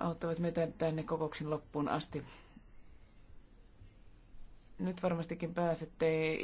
A: auttavat meitä tänne kokouksen loppuun asti. Nyt varmastikin pääsette